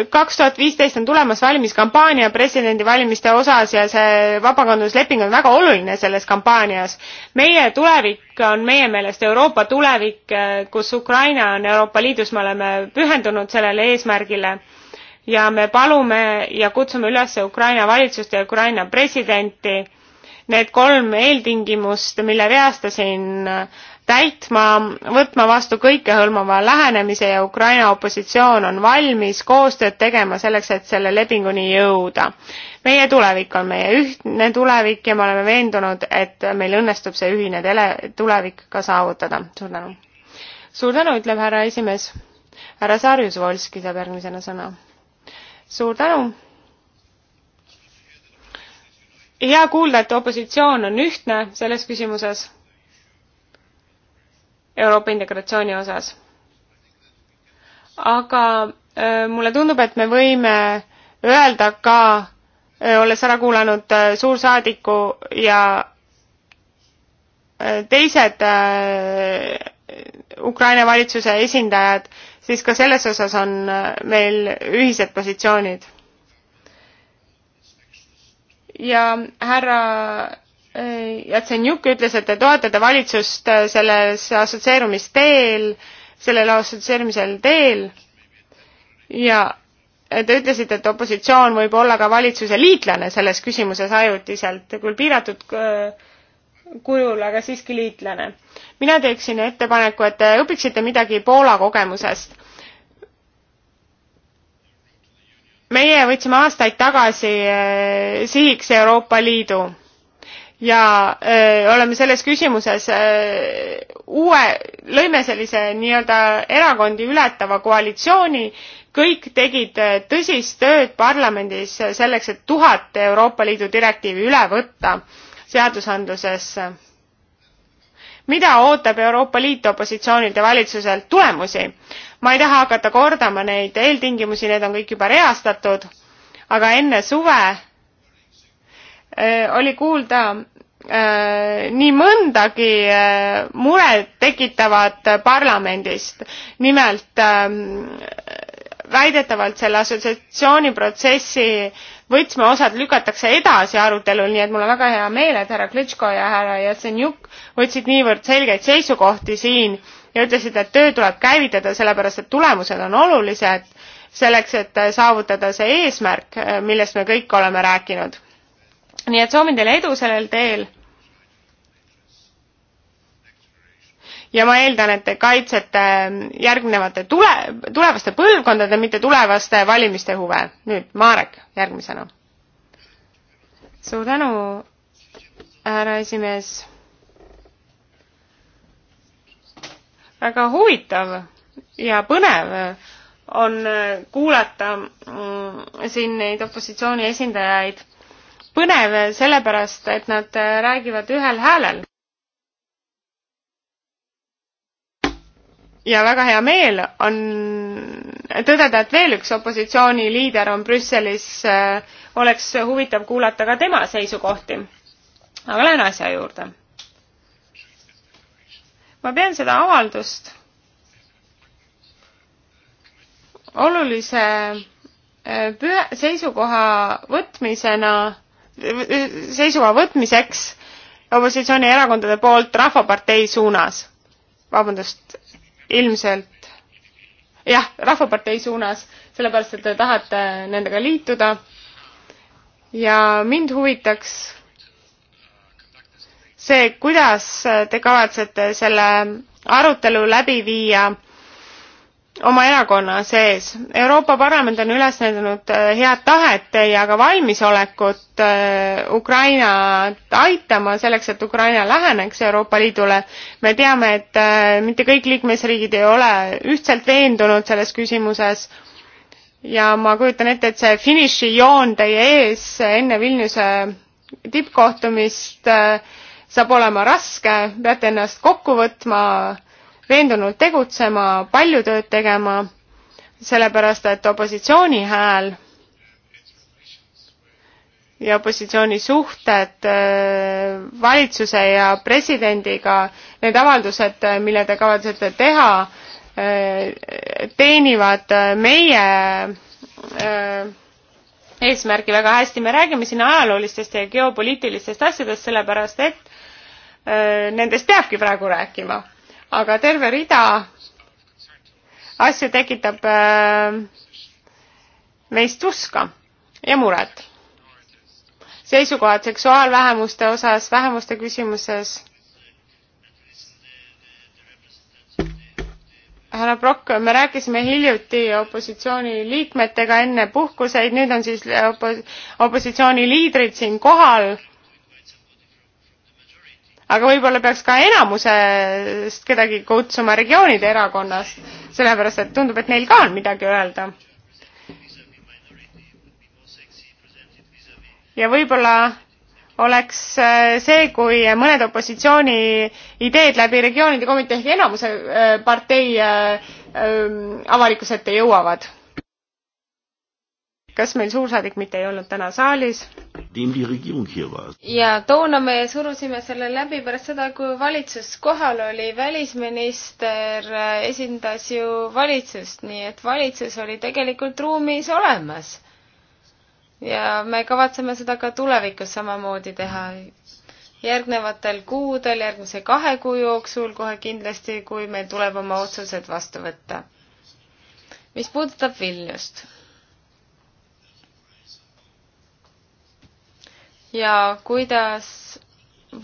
kaks tuhat viisteist on tulemas valimiskampaania presidendivalimiste osas ja see vabakondadusleping on väga oluline selles kampaanias. meie tulevik on meie meelest Euroopa tulevik, kus Ukraina on Euroopa Liidus, me oleme pühendunud sellele eesmärgile ja me palume ja kutsume üles Ukraina valitsust ja Ukraina presidenti need kolm eeltingimust, mille reastasin äh, täitma, võtma vastu kõikehõlmava lähenemise ja Ukraina opositsioon on valmis koostööd tegema selleks, et selle lepinguni jõuda. meie tulevik on meie ühtne tulevik ja me oleme veendunud, et meil õnnestub see ühine tele, tulevik ka saavutada. suur tänu. suur tänu, ütleb härra esimees. härra Sarjus Volski saab järgmisena sõna. suur tänu hea kuulda, et opositsioon on ühtne selles küsimuses Euroopa integratsiooni osas. aga äh, mulle tundub, et me võime öelda ka, äh, olles ära kuulanud äh, suursaadiku ja teised Ukraina valitsuse esindajad, siis ka selles osas on meil ühised positsioonid. ja härra Äh, Jatsenjuk ütles, et te toetate valitsust äh, selles assotsieerumisteel, sellel assotsieerumisel teel ja äh, te ütlesite, et opositsioon võib olla ka valitsuse liitlane selles küsimuses ajutiselt, küll piiratud kujul, aga siiski liitlane. mina teeksin ettepaneku, et te õpiksite midagi Poola kogemusest. meie võtsime aastaid tagasi sihiks Euroopa Liidu ja öö, äh, oleme selles küsimuses öö, äh, uue, lõime sellise nii-öelda erakondi ületava koalitsiooni, kõik tegid äh, tõsist tööd parlamendis selleks, et tuhat Euroopa Liidu direktiivi üle võtta seadusandlusesse. mida ootab Euroopa Liit opositsioonilt ja valitsuselt tulemusi? ma ei taha hakata kordama neid eeltingimusi, need on kõik juba reastatud, aga enne suve Äh, oli kuulda äh, nii mõndagi äh, muret tekitavat parlamendist. nimelt ähm, väidetavalt selle assotsiatsiooni protsessi võtmeosad lükatakse edasi arutelul, nii et mul on väga hea meel, et härra Klitško ja härra Jatsenjuk võtsid niivõrd selgeid seisukohti siin ja ütlesid, et töö tuleb käivitada, sellepärast et tulemused on olulised selleks, et saavutada see eesmärk, millest me kõik oleme rääkinud nii et soovin teile edu sellel teel. ja ma eeldan, et te kaitsete järgnevate tule, tulevaste põlvkondade, mitte tulevaste valimiste huve. nüüd Marek järgmisena. suur tänu, härra esimees. väga huvitav ja põnev on kuulata mm, siin neid opositsiooni esindajaid põnev sellepärast, et nad äh, räägivad ühel häälel. ja väga hea meel on tõdeda, et veel üks opositsiooniliider on Brüsselis, äh, oleks huvitav kuulata ka tema seisukohti. aga lähen asja juurde. ma pean seda avaldust olulise äh, püha, seisukoha võtmisena seisukoha võtmiseks opositsioonierakondade poolt Rahvapartei suunas. vabandust, ilmselt jah, Rahvapartei suunas, sellepärast et te tahate nendega liituda. ja mind huvitaks see, kuidas te kavatsete selle arutelu läbi viia oma erakonna sees. Euroopa Parlament on üles näidanud äh, head tahet ja ka valmisolekut äh, Ukrainat aitama selleks, et Ukraina läheneks Euroopa Liidule. me teame, et äh, mitte kõik liikmesriigid ei ole ühtselt veendunud selles küsimuses ja ma kujutan ette, et see finišijoon teie ees enne Vilniuse tippkohtumist saab olema raske, peate ennast kokku võtma veendunult tegutsema, palju tööd tegema, sellepärast et opositsiooni hääl ja opositsiooni suhted äh, valitsuse ja presidendiga, need avaldused, äh, mille te kavatsete teha, äh, teenivad meie eesmärgi väga hästi. me räägime siin ajaloolistest ja geopoliitilistest asjadest, sellepärast et nendest peabki praegu rääkima aga terve rida asju tekitab äh, meist tuska ja muret. seisukohad seksuaalvähemuste osas, vähemuste küsimuses. härra Prokk, me rääkisime hiljuti opositsiooni liikmetega enne puhkuseid, nüüd on siis opo-, opositsiooni liidrid siin kohal aga võib-olla peaks ka enamusest kedagi kutsuma regioonide erakonnast, sellepärast et tundub, et neil ka on midagi öelda. ja võib-olla oleks äh, see, kui mõned opositsiooni ideed läbi regioonide komitee ehk enamuse äh, partei äh, ähm, avalikkuse ette jõuavad. kas meil suursaadik mitte ei olnud täna saalis? ja toona me surusime selle läbi pärast seda, kui valitsus kohal oli, välisminister äh, esindas ju valitsust, nii et valitsus oli tegelikult ruumis olemas. ja me kavatseme seda ka tulevikus samamoodi teha järgnevatel kuudel, järgmise kahe kuu jooksul kohe kindlasti, kui meil tuleb oma otsused vastu võtta. mis puudutab Vilniust ja kuidas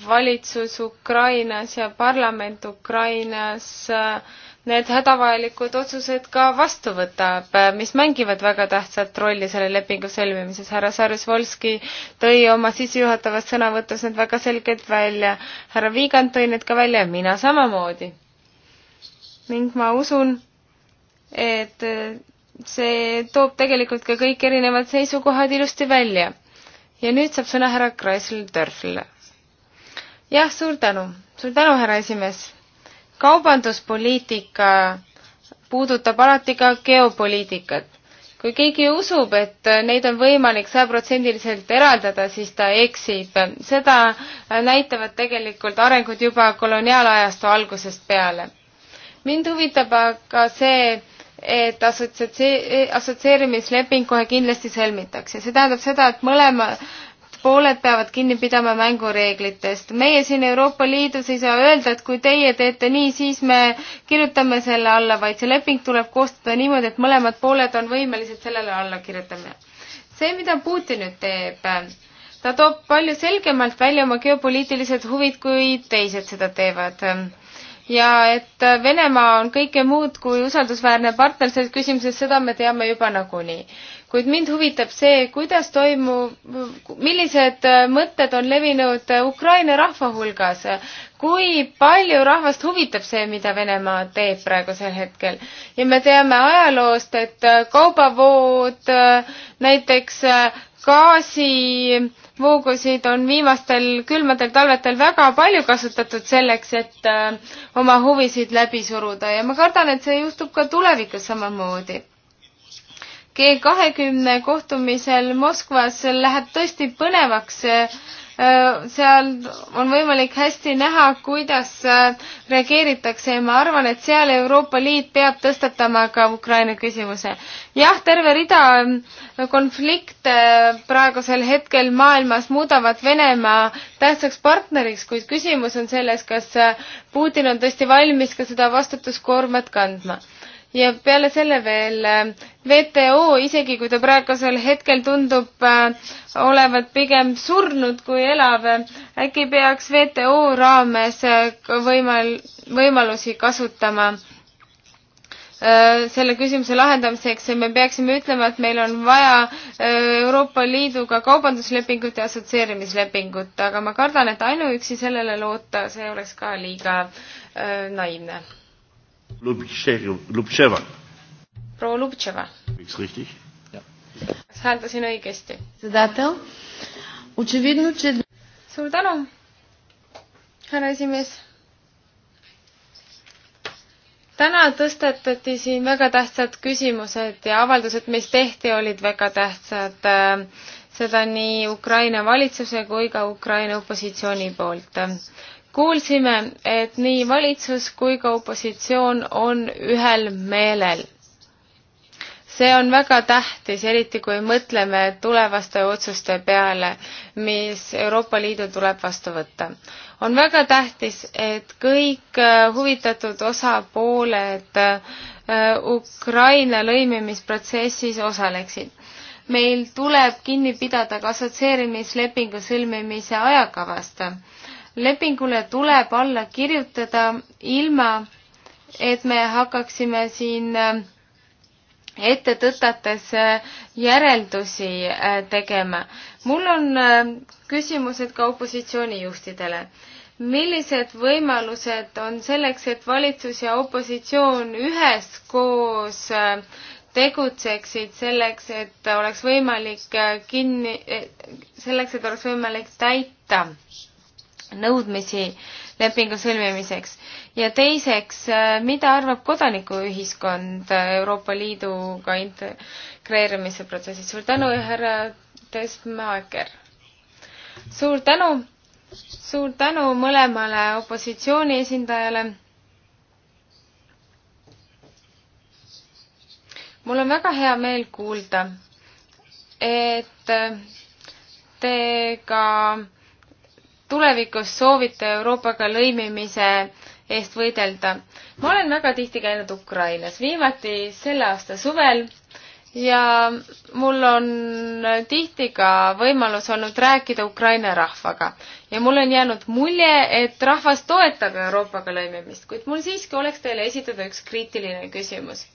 valitsus Ukrainas ja parlament Ukrainas äh, need hädavajalikud otsused ka vastu võtab, äh, mis mängivad väga tähtsat rolli selle lepingu sõlmimises. härra Sarjus-Volski tõi oma sissejuhatavas sõnavõtus need väga selgelt välja, härra Viigand tõi need ka välja ja mina samamoodi. ning ma usun, et äh, see toob tegelikult ka kõik erinevad seisukohad ilusti välja ja nüüd saab sõna härra Kreisel Dörfle. jah, suur tänu, suur tänu, härra esimees. kaubanduspoliitika puudutab alati ka geopoliitikat. kui keegi usub, et neid on võimalik sajaprotsendiliselt eraldada, siis ta eksib. seda näitavad tegelikult arengud juba koloniaalajastu algusest peale. mind huvitab aga see, et assotsiatsi-, assotsieerimisleping kohe kindlasti sõlmitakse. see tähendab seda, et mõlema pooled peavad kinni pidama mängureeglitest. meie siin Euroopa Liidus ei saa öelda, et kui teie teete nii, siis me kirjutame selle alla, vaid see leping tuleb koostada niimoodi, et mõlemad pooled on võimelised sellele alla kirjutama. see, mida Putin nüüd teeb, ta toob palju selgemalt välja oma geopoliitilised huvid, kui teised seda teevad ja et Venemaa on kõike muud kui usaldusväärne partner selles küsimuses, seda me teame juba nagunii. kuid mind huvitab see, kuidas toimub, millised mõtted on levinud Ukraina rahva hulgas, kui palju rahvast huvitab see, mida Venemaa teeb praegusel hetkel. ja me teame ajaloost, et kaubavood näiteks gaasivoogusid on viimastel külmadel talvetel väga palju kasutatud selleks, et äh, oma huvisid läbi suruda ja ma kardan, et see juhtub ka tulevikus samamoodi. G kahekümne kohtumisel Moskvas läheb tõesti põnevaks äh, Äh, seal on võimalik hästi näha, kuidas äh, reageeritakse ja ma arvan, et seal Euroopa Liit peab tõstatama ka Ukraina küsimuse. jah, terve rida äh, konflikte praegusel hetkel maailmas muudavad Venemaa tähtsaks partneriks, kuid küsimus on selles, kas Putin on tõesti valmis ka seda vastutuskoormat kandma ja peale selle veel äh, WTO, isegi kui ta praegusel hetkel tundub äh, olevat pigem surnud kui elav, äkki peaks WTO raames äh, võimal-, võimalusi kasutama selle küsimuse lahendamiseks ja me peaksime ütlema, et meil on vaja Euroopa Liiduga kaubanduslepingut ja assotsieerimislepingut, aga ma kardan, et ainuüksi sellele loota, see oleks ka liiga äh, naiivne Lubtševa. proua Lubtševa. kas hääldasin õigesti? suur tänu, härra esimees. täna tõstatati siin väga tähtsad küsimused ja avaldused, mis tehti, olid väga tähtsad äh, seda nii Ukraina valitsuse kui ka Ukraina opositsiooni poolt kuulsime, et nii valitsus kui ka opositsioon on ühel meelel. see on väga tähtis, eriti kui mõtleme tulevaste otsuste peale, mis Euroopa Liidul tuleb vastu võtta. on väga tähtis, et kõik äh, huvitatud osapooled äh, Ukraina lõimimisprotsessis osaleksid meil tuleb kinni pidada ka assotsieerimislepingu sõlmimise ajakavast lepingule tuleb alla kirjutada ilma, et me hakkaksime siin äh, ette tõtates äh, järeldusi äh, tegema. mul on küsimused ka opositsioonijuhtidele. millised võimalused on selleks, et valitsus ja opositsioon üheskoos tegutseksid selleks, et oleks võimalik kinni, selleks, et oleks võimalik täita nõudmisi lepingu sõlmimiseks? ja teiseks, äh, mida arvab kodanikuühiskond Euroopa Liiduga integreerimise protsessis? suur tänu, härra Desmaager! suur tänu! suur tänu mõlemale opositsiooni esindajale mul on väga hea meel kuulda, et te ka tulevikus soovite Euroopaga lõimimise eest võidelda? ma olen väga tihti käinud Ukrainas, viimati selle aasta suvel ja mul on tihti ka võimalus olnud rääkida Ukraina rahvaga ja mul on jäänud mulje, et rahvas toetab Euroopaga lõimimist, kuid mul siiski oleks teile esitada üks kriitiline küsimus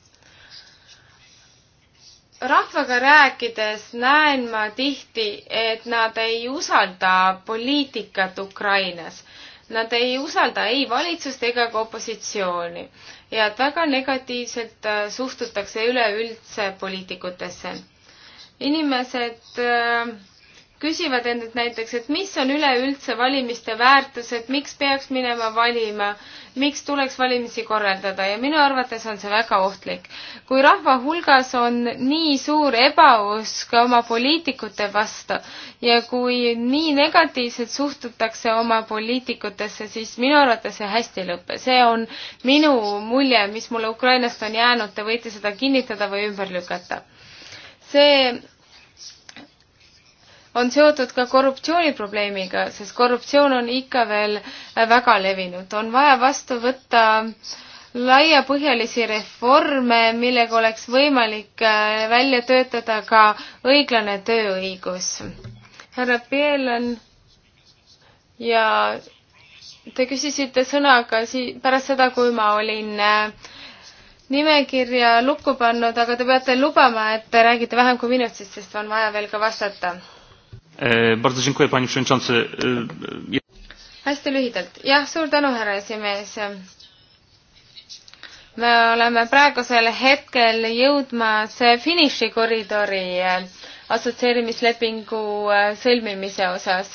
rahvaga rääkides näen ma tihti, et nad ei usalda poliitikat Ukrainas. Nad ei usalda ei valitsust ega ka opositsiooni ja et väga negatiivselt äh, suhtutakse üleüldse poliitikutesse. inimesed äh, küsivad endalt näiteks, et mis on üleüldse valimiste väärtus, et miks peaks minema valima, miks tuleks valimisi korraldada ja minu arvates on see väga ohtlik. kui rahva hulgas on nii suur ebausk oma poliitikute vastu ja kui nii negatiivselt suhtutakse oma poliitikutesse, siis minu arvates see hästi ei lõpe. see on minu mulje, mis mulle Ukrainast on jäänud, te võite seda kinnitada või ümber lükata. see on seotud ka korruptsiooniprobleemiga, sest korruptsioon on ikka veel äh, väga levinud. on vaja vastu võtta laiapõhjalisi reforme, millega oleks võimalik äh, välja töötada ka õiglane tööõigus. härra Pielan ja te küsisite sõna ka si-, pärast seda, kui ma olin äh, nimekirja lukku pannud, aga te peate lubama, et te räägite vähem kui minutist, sest on vaja veel ka vastata E, bardzo dziękuję, pani przewodniczący. E, e, hästi lühidalt. jah, suur tänu, härra esimees. me oleme praegusel hetkel jõudmas finišikoridori assotsieerimislepingu sõlmimise osas.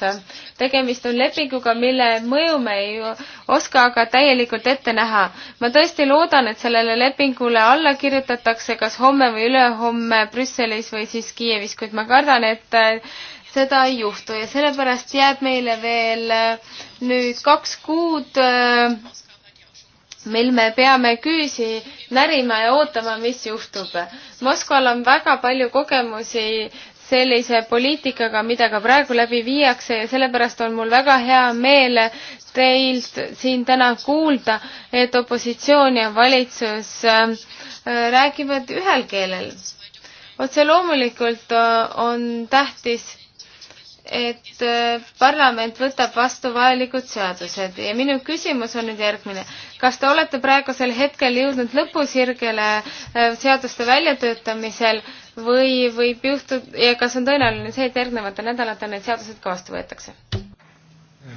tegemist on lepinguga, mille mõju me ei oska aga täielikult ette näha. ma tõesti loodan, et sellele lepingule alla kirjutatakse kas homme või ülehomme Brüsselis või siis Kiievis, kuid ma kardan, et seda ei juhtu ja sellepärast jääb meile veel äh, nüüd kaks kuud, äh, mil me peame küüsi närima ja ootama, mis juhtub. Moskval on väga palju kogemusi sellise poliitikaga, mida ka praegu läbi viiakse ja sellepärast on mul väga hea meel teilt siin täna kuulda, et opositsioon ja valitsus äh, räägivad ühel keelel otse loomulikult on tähtis et äh, parlament võtab vastu vajalikud seadused ja minu küsimus on nüüd järgmine. kas te olete praegusel hetkel jõudnud lõpusirgele äh, seaduste väljatöötamisel või võib juhtuda ja kas on tõenäoline see, et järgnevatel nädalatel need seadused ka vastu võetakse?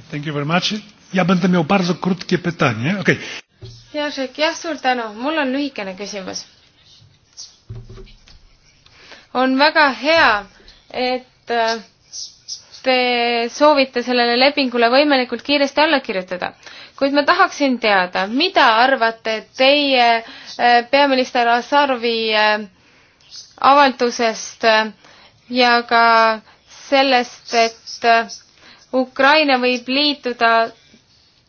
Thank you very much. Ja będę miał bardzo krótkie pytanie. Okej. Okay. Jašek, jah, suur tänu. mul on lühikene küsimus. on väga hea, et äh, te soovite sellele lepingule võimalikult kiiresti alla kirjutada. kuid ma tahaksin teada, mida arvate teie eh, peaminister Assarovi eh, avaldusest eh, ja ka sellest, et Ukraina võib liituda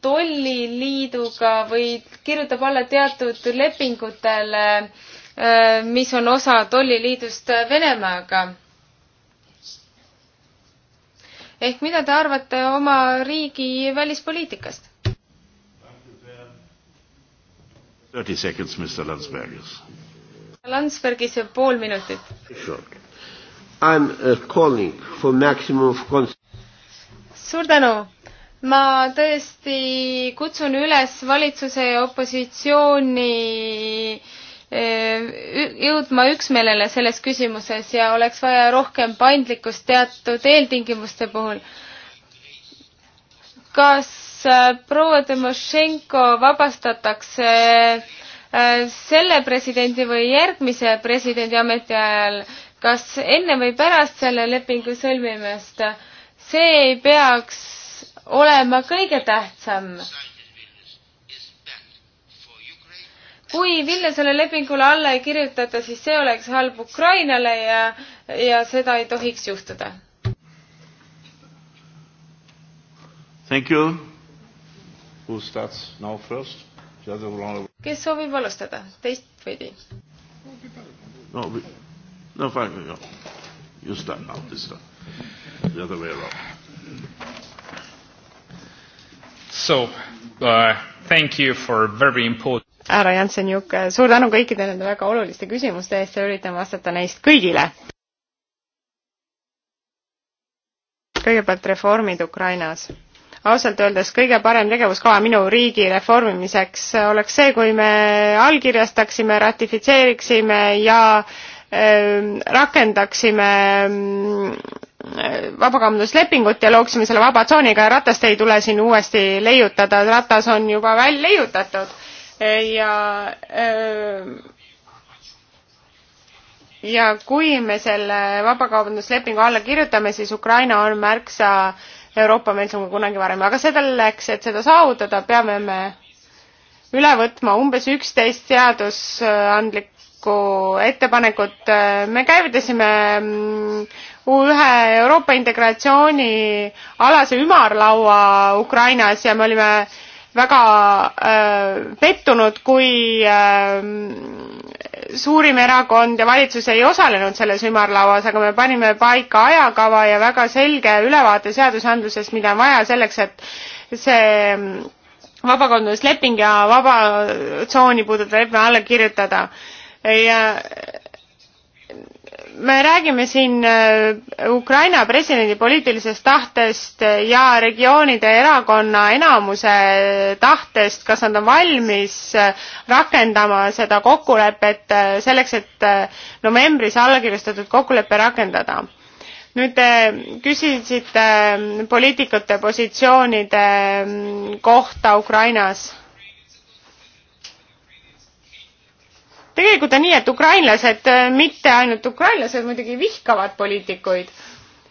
tolliliiduga või kirjutab alla teatud lepingutele, mis on osa tolliliidust Venemaaga ehk mida te arvate oma riigi välispoliitikast? Landsbergis pool minutit. suur tänu ma tõesti kutsun üles valitsuse ja opositsiooni jõudma üksmeelele selles küsimuses ja oleks vaja rohkem paindlikkust teatud eeltingimuste puhul. kas äh, proua Timošenko vabastatakse äh, selle presidendi või järgmise presidendi ametiajal, kas enne või pärast selle lepingu sõlmimist, see ei peaks olema kõige tähtsam kui Vilja selle lepingule alla ei kirjutata, siis see oleks halb Ukrainale ja, ja seda ei tohiks juhtuda. Thank you. Who starts now first? kes soovib alustada, teistpidi? no, no fine, no. you start now, this time. The other way around. So uh, thank you for very important härra Jansen-Juk, suur tänu kõikide nende väga oluliste küsimuste eest ja üritan vastata neist kõigile. kõigepealt reformid Ukrainas ausalt öeldes kõige parem tegevuskava minu riigi reformimiseks oleks see, kui me allkirjastaksime, ratifitseeriksime ja ähm, rakendaksime ähm, vabakaubanduslepingut ja looksime selle vaba tsooniga ja ratast ei tule siin uuesti leiutada, ratas on juba välja leiutatud ja ja kui me selle vabakaubanduslepingu alla kirjutame, siis Ukraina on märksa Euroopa-meelsem kui kunagi varem, aga selleks, et seda saavutada, peame me üle võtma umbes üksteist seadusandlikku ettepanekut. me käivitasime mm, ühe Euroopa integratsiooni alase ümarlaua Ukrainas ja me olime väga äh, pettunud, kui äh, suurim erakond ja valitsus ei osalenud selles ümarlauas, aga me panime paika ajakava ja väga selge ülevaate seadusandlusest, mida on vaja selleks, et see mm, vabakondadusleping ja vaba tsooni puudutav leping alla kirjutada. ja me räägime siin äh, Ukraina presidendi poliitilisest tahtest ja regioonide erakonna enamuse tahtest, kas nad on valmis äh, rakendama seda kokkulepet äh, selleks, et novembris allakirjustatud kokkulepe rakendada. nüüd te küsisite poliitikute positsioonide mm, kohta Ukrainas tegelikult on nii, et ukrainlased, äh, mitte ainult ukrainlased muidugi vihkavad poliitikuid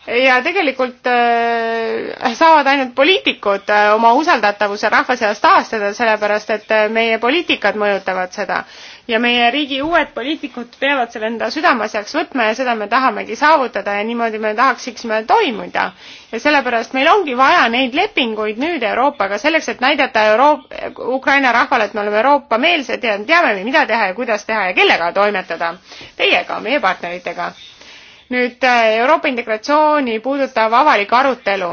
ja tegelikult äh, saavad ainult poliitikud äh, oma usaldatavuse rahva seas taastada, sellepärast et äh, meie poliitikad mõjutavad seda ja meie riigi uued poliitikud peavad selle enda südameasjaks võtma ja seda me tahamegi saavutada ja niimoodi me tahaksime toimuda. ja sellepärast meil ongi vaja neid lepinguid nüüd Euroopaga selleks, et näidata Euroop-, Ukraina rahvale, et me oleme Euroopa-meelsed ja teame, mida teha ja kuidas teha ja kellega toimetada. Teiega, meie partneritega. nüüd äh, Euroopa integratsiooni puudutav avalik arutelu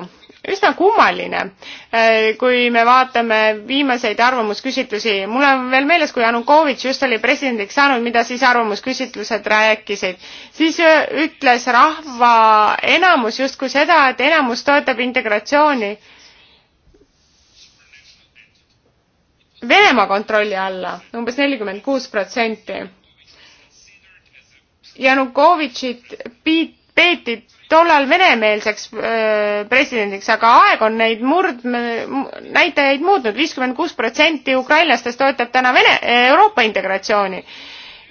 üsna kummaline, äh, kui me vaatame viimaseid arvamusküsitlusi. mul on veel meeles, kui Janukovitš just oli presidendiks saanud, mida siis arvamusküsitlused rääkisid. siis äh, ütles rahva enamus justkui seda, et enamus toetab integratsiooni Venemaa kontrolli alla umbes nelikümmend kuus protsenti. Janukovitšit piit-, peeti tollal venemeelseks äh, presidendiks, aga aeg on neid murd-, näitajaid muutnud, viiskümmend kuus protsenti ukrainlastest toetab täna Vene, Euroopa integratsiooni.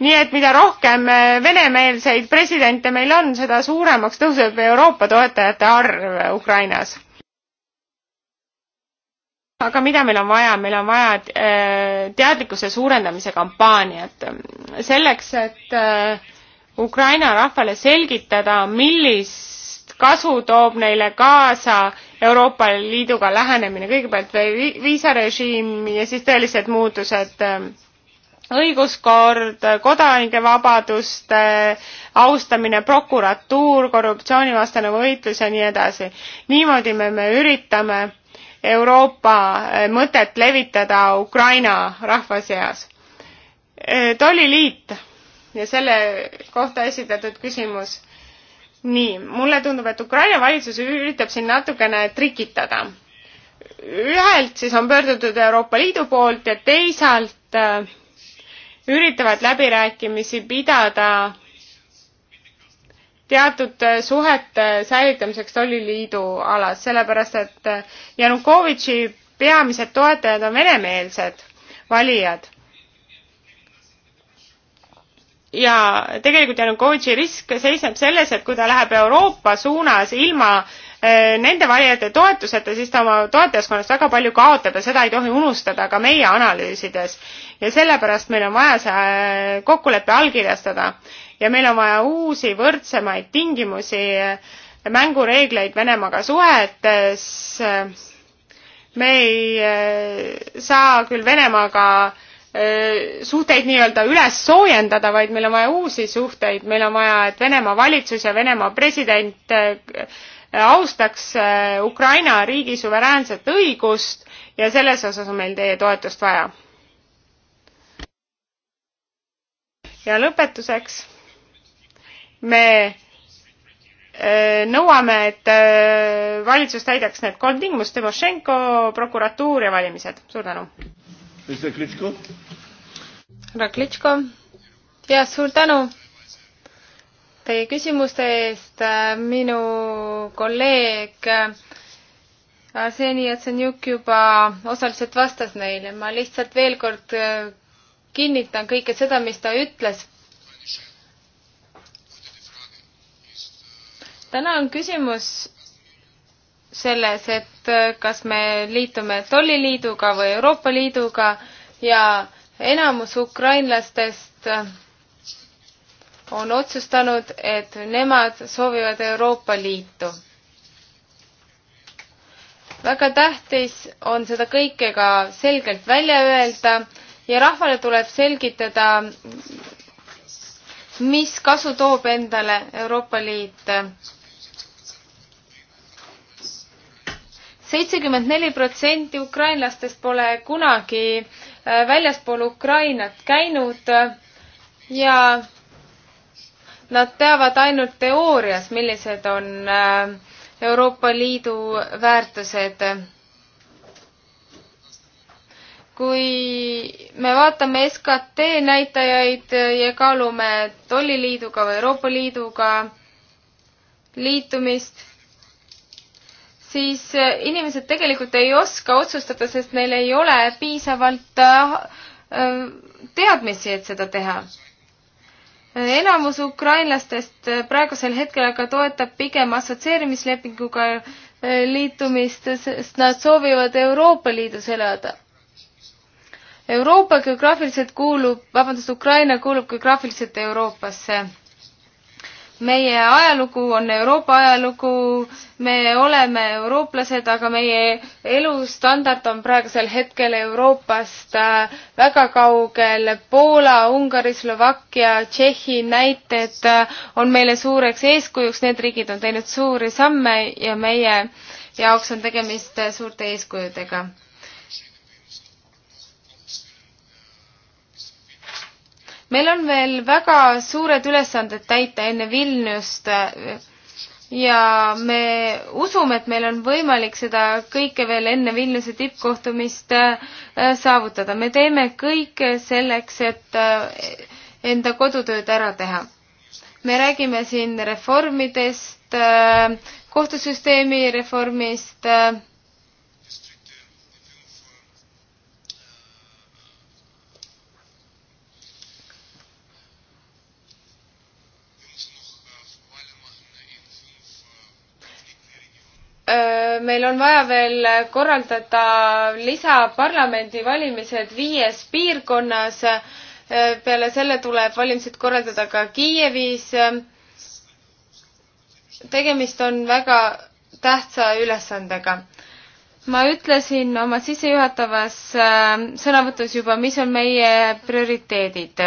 nii et mida rohkem äh, venemeelseid presidente meil on, seda suuremaks tõuseb Euroopa toetajate arv Ukrainas. aga mida meil on vaja, meil on vaja äh, teadlikkuse suurendamise kampaaniat selleks, et Ukraina rahvale selgitada, millist kasu toob neile kaasa Euroopa Liiduga lähenemine, kõigepealt viisarežiim ja siis tõelised muutused, ähm, õiguskord, kodanikevabaduste austamine, prokuratuur, korruptsioonivastane võitlus ja nii edasi. niimoodi me, me üritame Euroopa äh, mõtet levitada Ukraina rahva seas. Äh, tolliliit ja selle kohta esitatud küsimus. nii, mulle tundub, et Ukraina valitsus üritab siin natukene trikitada. ühelt siis on pöördutud Euroopa Liidu poolt ja teisalt äh, üritavad läbirääkimisi pidada teatud äh, suhete säilitamiseks tolliliidu alas, sellepärast et äh, Janukovitši peamised toetajad on venemeelsed valijad ja tegelikult Janukotši risk seisneb selles, et kui ta läheb Euroopa suunas ilma eh, nende valijate toetuseta, siis ta oma toetajaskonnast väga palju kaotab ja seda ei tohi unustada ka meie analüüsides. ja sellepärast meil on vaja see eh, kokkulepe allkirjastada ja meil on vaja uusi võrdsemaid tingimusi, eh, mängureegleid Venemaaga suhetes. me ei saa küll Venemaaga äh, Äh, suhteid nii-öelda üles soojendada, vaid meil on vaja uusi suhteid, meil on vaja, et Venemaa valitsus ja Venemaa president äh, austaks äh, Ukraina riigi suveräänset õigust ja selles osas on meil teie toetust vaja. ja lõpetuseks me nõuame, et valitsus täidaks need kolm tingimust, Timošenko, prokuratuur ja valimised. suur tänu! härra Klitško. ja suur tänu teie küsimuste eest. minu kolleeg äh, Arseni Jatsenjuk juba osaliselt vastas neile. ma lihtsalt veel kord äh, kinnitan kõike seda, mis ta ütles. täna on küsimus selles, et äh, kas me liitume tolliliiduga või Euroopa Liiduga ja enamus ukrainlastest äh, on otsustanud, et nemad soovivad Euroopa Liitu. väga tähtis on seda kõike ka selgelt välja öelda ja rahvale tuleb selgitada, mis kasu toob endale Euroopa Liit seitsekümmend neli protsenti ukrainlastest pole kunagi äh, väljaspool Ukrainat käinud äh, ja nad teavad ainult teoorias, millised on äh, Euroopa Liidu väärtused kui me vaatame SKT näitajaid ja kaalume tolliliiduga või Euroopa Liiduga liitumist, siis eh, inimesed tegelikult ei oska otsustada, sest neil ei ole piisavalt eh, eh, teadmisi, et seda teha. enamus ukrainlastest praegusel hetkel aga toetab pigem assotsieerimislepinguga liitumist, sest nad soovivad Euroopa Liidus elada. Euroopa geograafiliselt kuulub, vabandust, Ukraina kuulub geograafiliselt Euroopasse meie ajalugu on Euroopa ajalugu, me oleme eurooplased, aga meie elustandard on praegusel hetkel Euroopast äh, väga kaugel. Poola, Ungari, Slovakkia, Tšehhi näited äh, on meile suureks eeskujuks, need riigid on teinud suuri samme ja meie jaoks on tegemist äh, suurte eeskujudega meil on veel väga suured ülesanded täita enne Vilniust äh, ja me usume, et meil on võimalik seda kõike veel enne Vilniuse tippkohtumist äh, äh, saavutada. me teeme kõike selleks, et enda kodutööd ära teha. me räägime siin reformidest, kohtusüsteemi reformist meil on vaja veel korraldada lisaparlamendivalimised viies piirkonnas. peale selle tuleb valimised korraldada ka Kiievis. tegemist on väga tähtsa ülesandega. ma ütlesin oma sissejuhatavas sõnavõtus juba, mis on meie prioriteedid.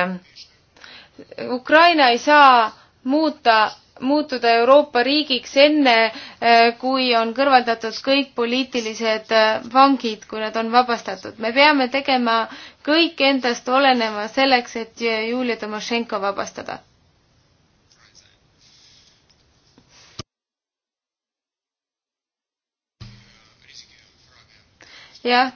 Ukraina ei saa muuta muutuda Euroopa riigiks enne, eh, kui on kõrvaldatud kõik poliitilised eh, vangid, kui nad on vabastatud. me peame tegema kõik endast oleneva selleks, et Julia Tomašenko vabastada. jah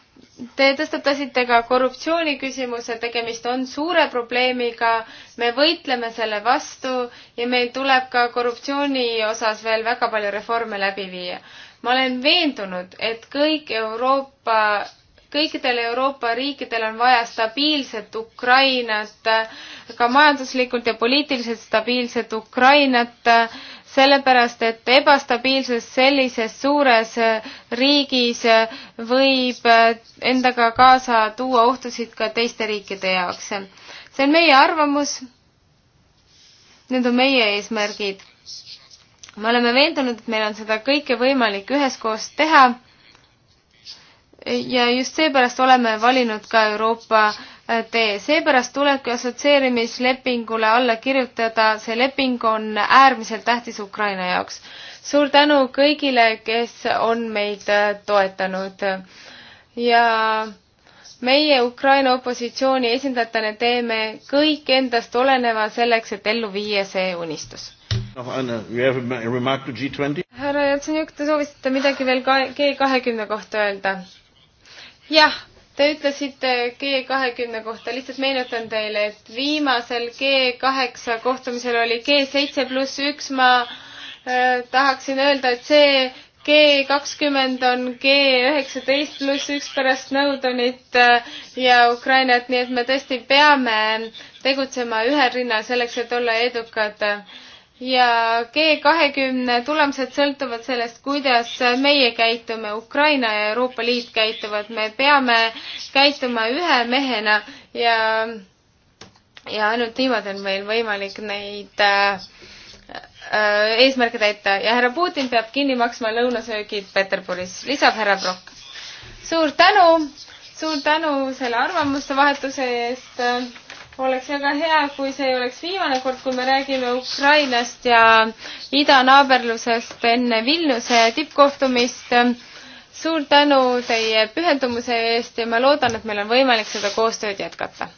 Te tõstatasite ka korruptsiooniküsimuse, tegemist on suure probleemiga, me võitleme selle vastu ja meil tuleb ka korruptsiooni osas veel väga palju reforme läbi viia. ma olen veendunud, et kõik Euroopa, kõikidel Euroopa riikidel on vaja stabiilset Ukrainat, ka majanduslikult ja poliitiliselt stabiilset Ukrainat, sellepärast et ebastabiilsus sellises suures äh, riigis äh, võib äh, endaga kaasa tuua ohtusid ka teiste riikide jaoks. see on meie arvamus, need on meie eesmärgid. me oleme veendunud, et meil on seda kõike võimalik üheskoos teha ja just seepärast oleme valinud ka Euroopa tee, seepärast tulebki assotsieerimislepingule alla kirjutada, see leping on äärmiselt tähtis Ukraina jaoks. suur tänu kõigile, kes on meid äh, toetanud ja meie Ukraina opositsiooni esindajatena teeme kõik endast oleneva selleks, et ellu viia see unistus. härra Jatsenjuk, te soovisite midagi veel G kahekümne kohta öelda? jah, Te ütlesite G kahekümne kohta, lihtsalt meenutan teile, et viimasel G kaheksa kohtumisel oli G seitse pluss üks, ma äh, tahaksin öelda, et see G kakskümmend on G üheksateist pluss üks pärast Snowdonit äh, ja Ukrainat, nii et me tõesti peame tegutsema ühel rinnal selleks, et olla edukad äh, ja G kahekümne tulemused sõltuvad sellest, kuidas meie käitume, Ukraina ja Euroopa Liit käituvad, me peame käituma ühe mehena ja, ja ainult niimoodi on meil võimalik neid äh, äh, eesmärke täita ja härra Putin peab kinni maksma lõunasöögid Peterburis, lisab härra Brock. suur tänu, suur tänu selle arvamuste vahetuse eest oleks väga hea, kui see ei oleks viimane kord, kui me räägime Ukrainast ja idanaaberlusest enne Vilniuse tippkohtumist. suur tänu teie pühendumuse eest ja ma loodan, et meil on võimalik seda koostööd jätkata.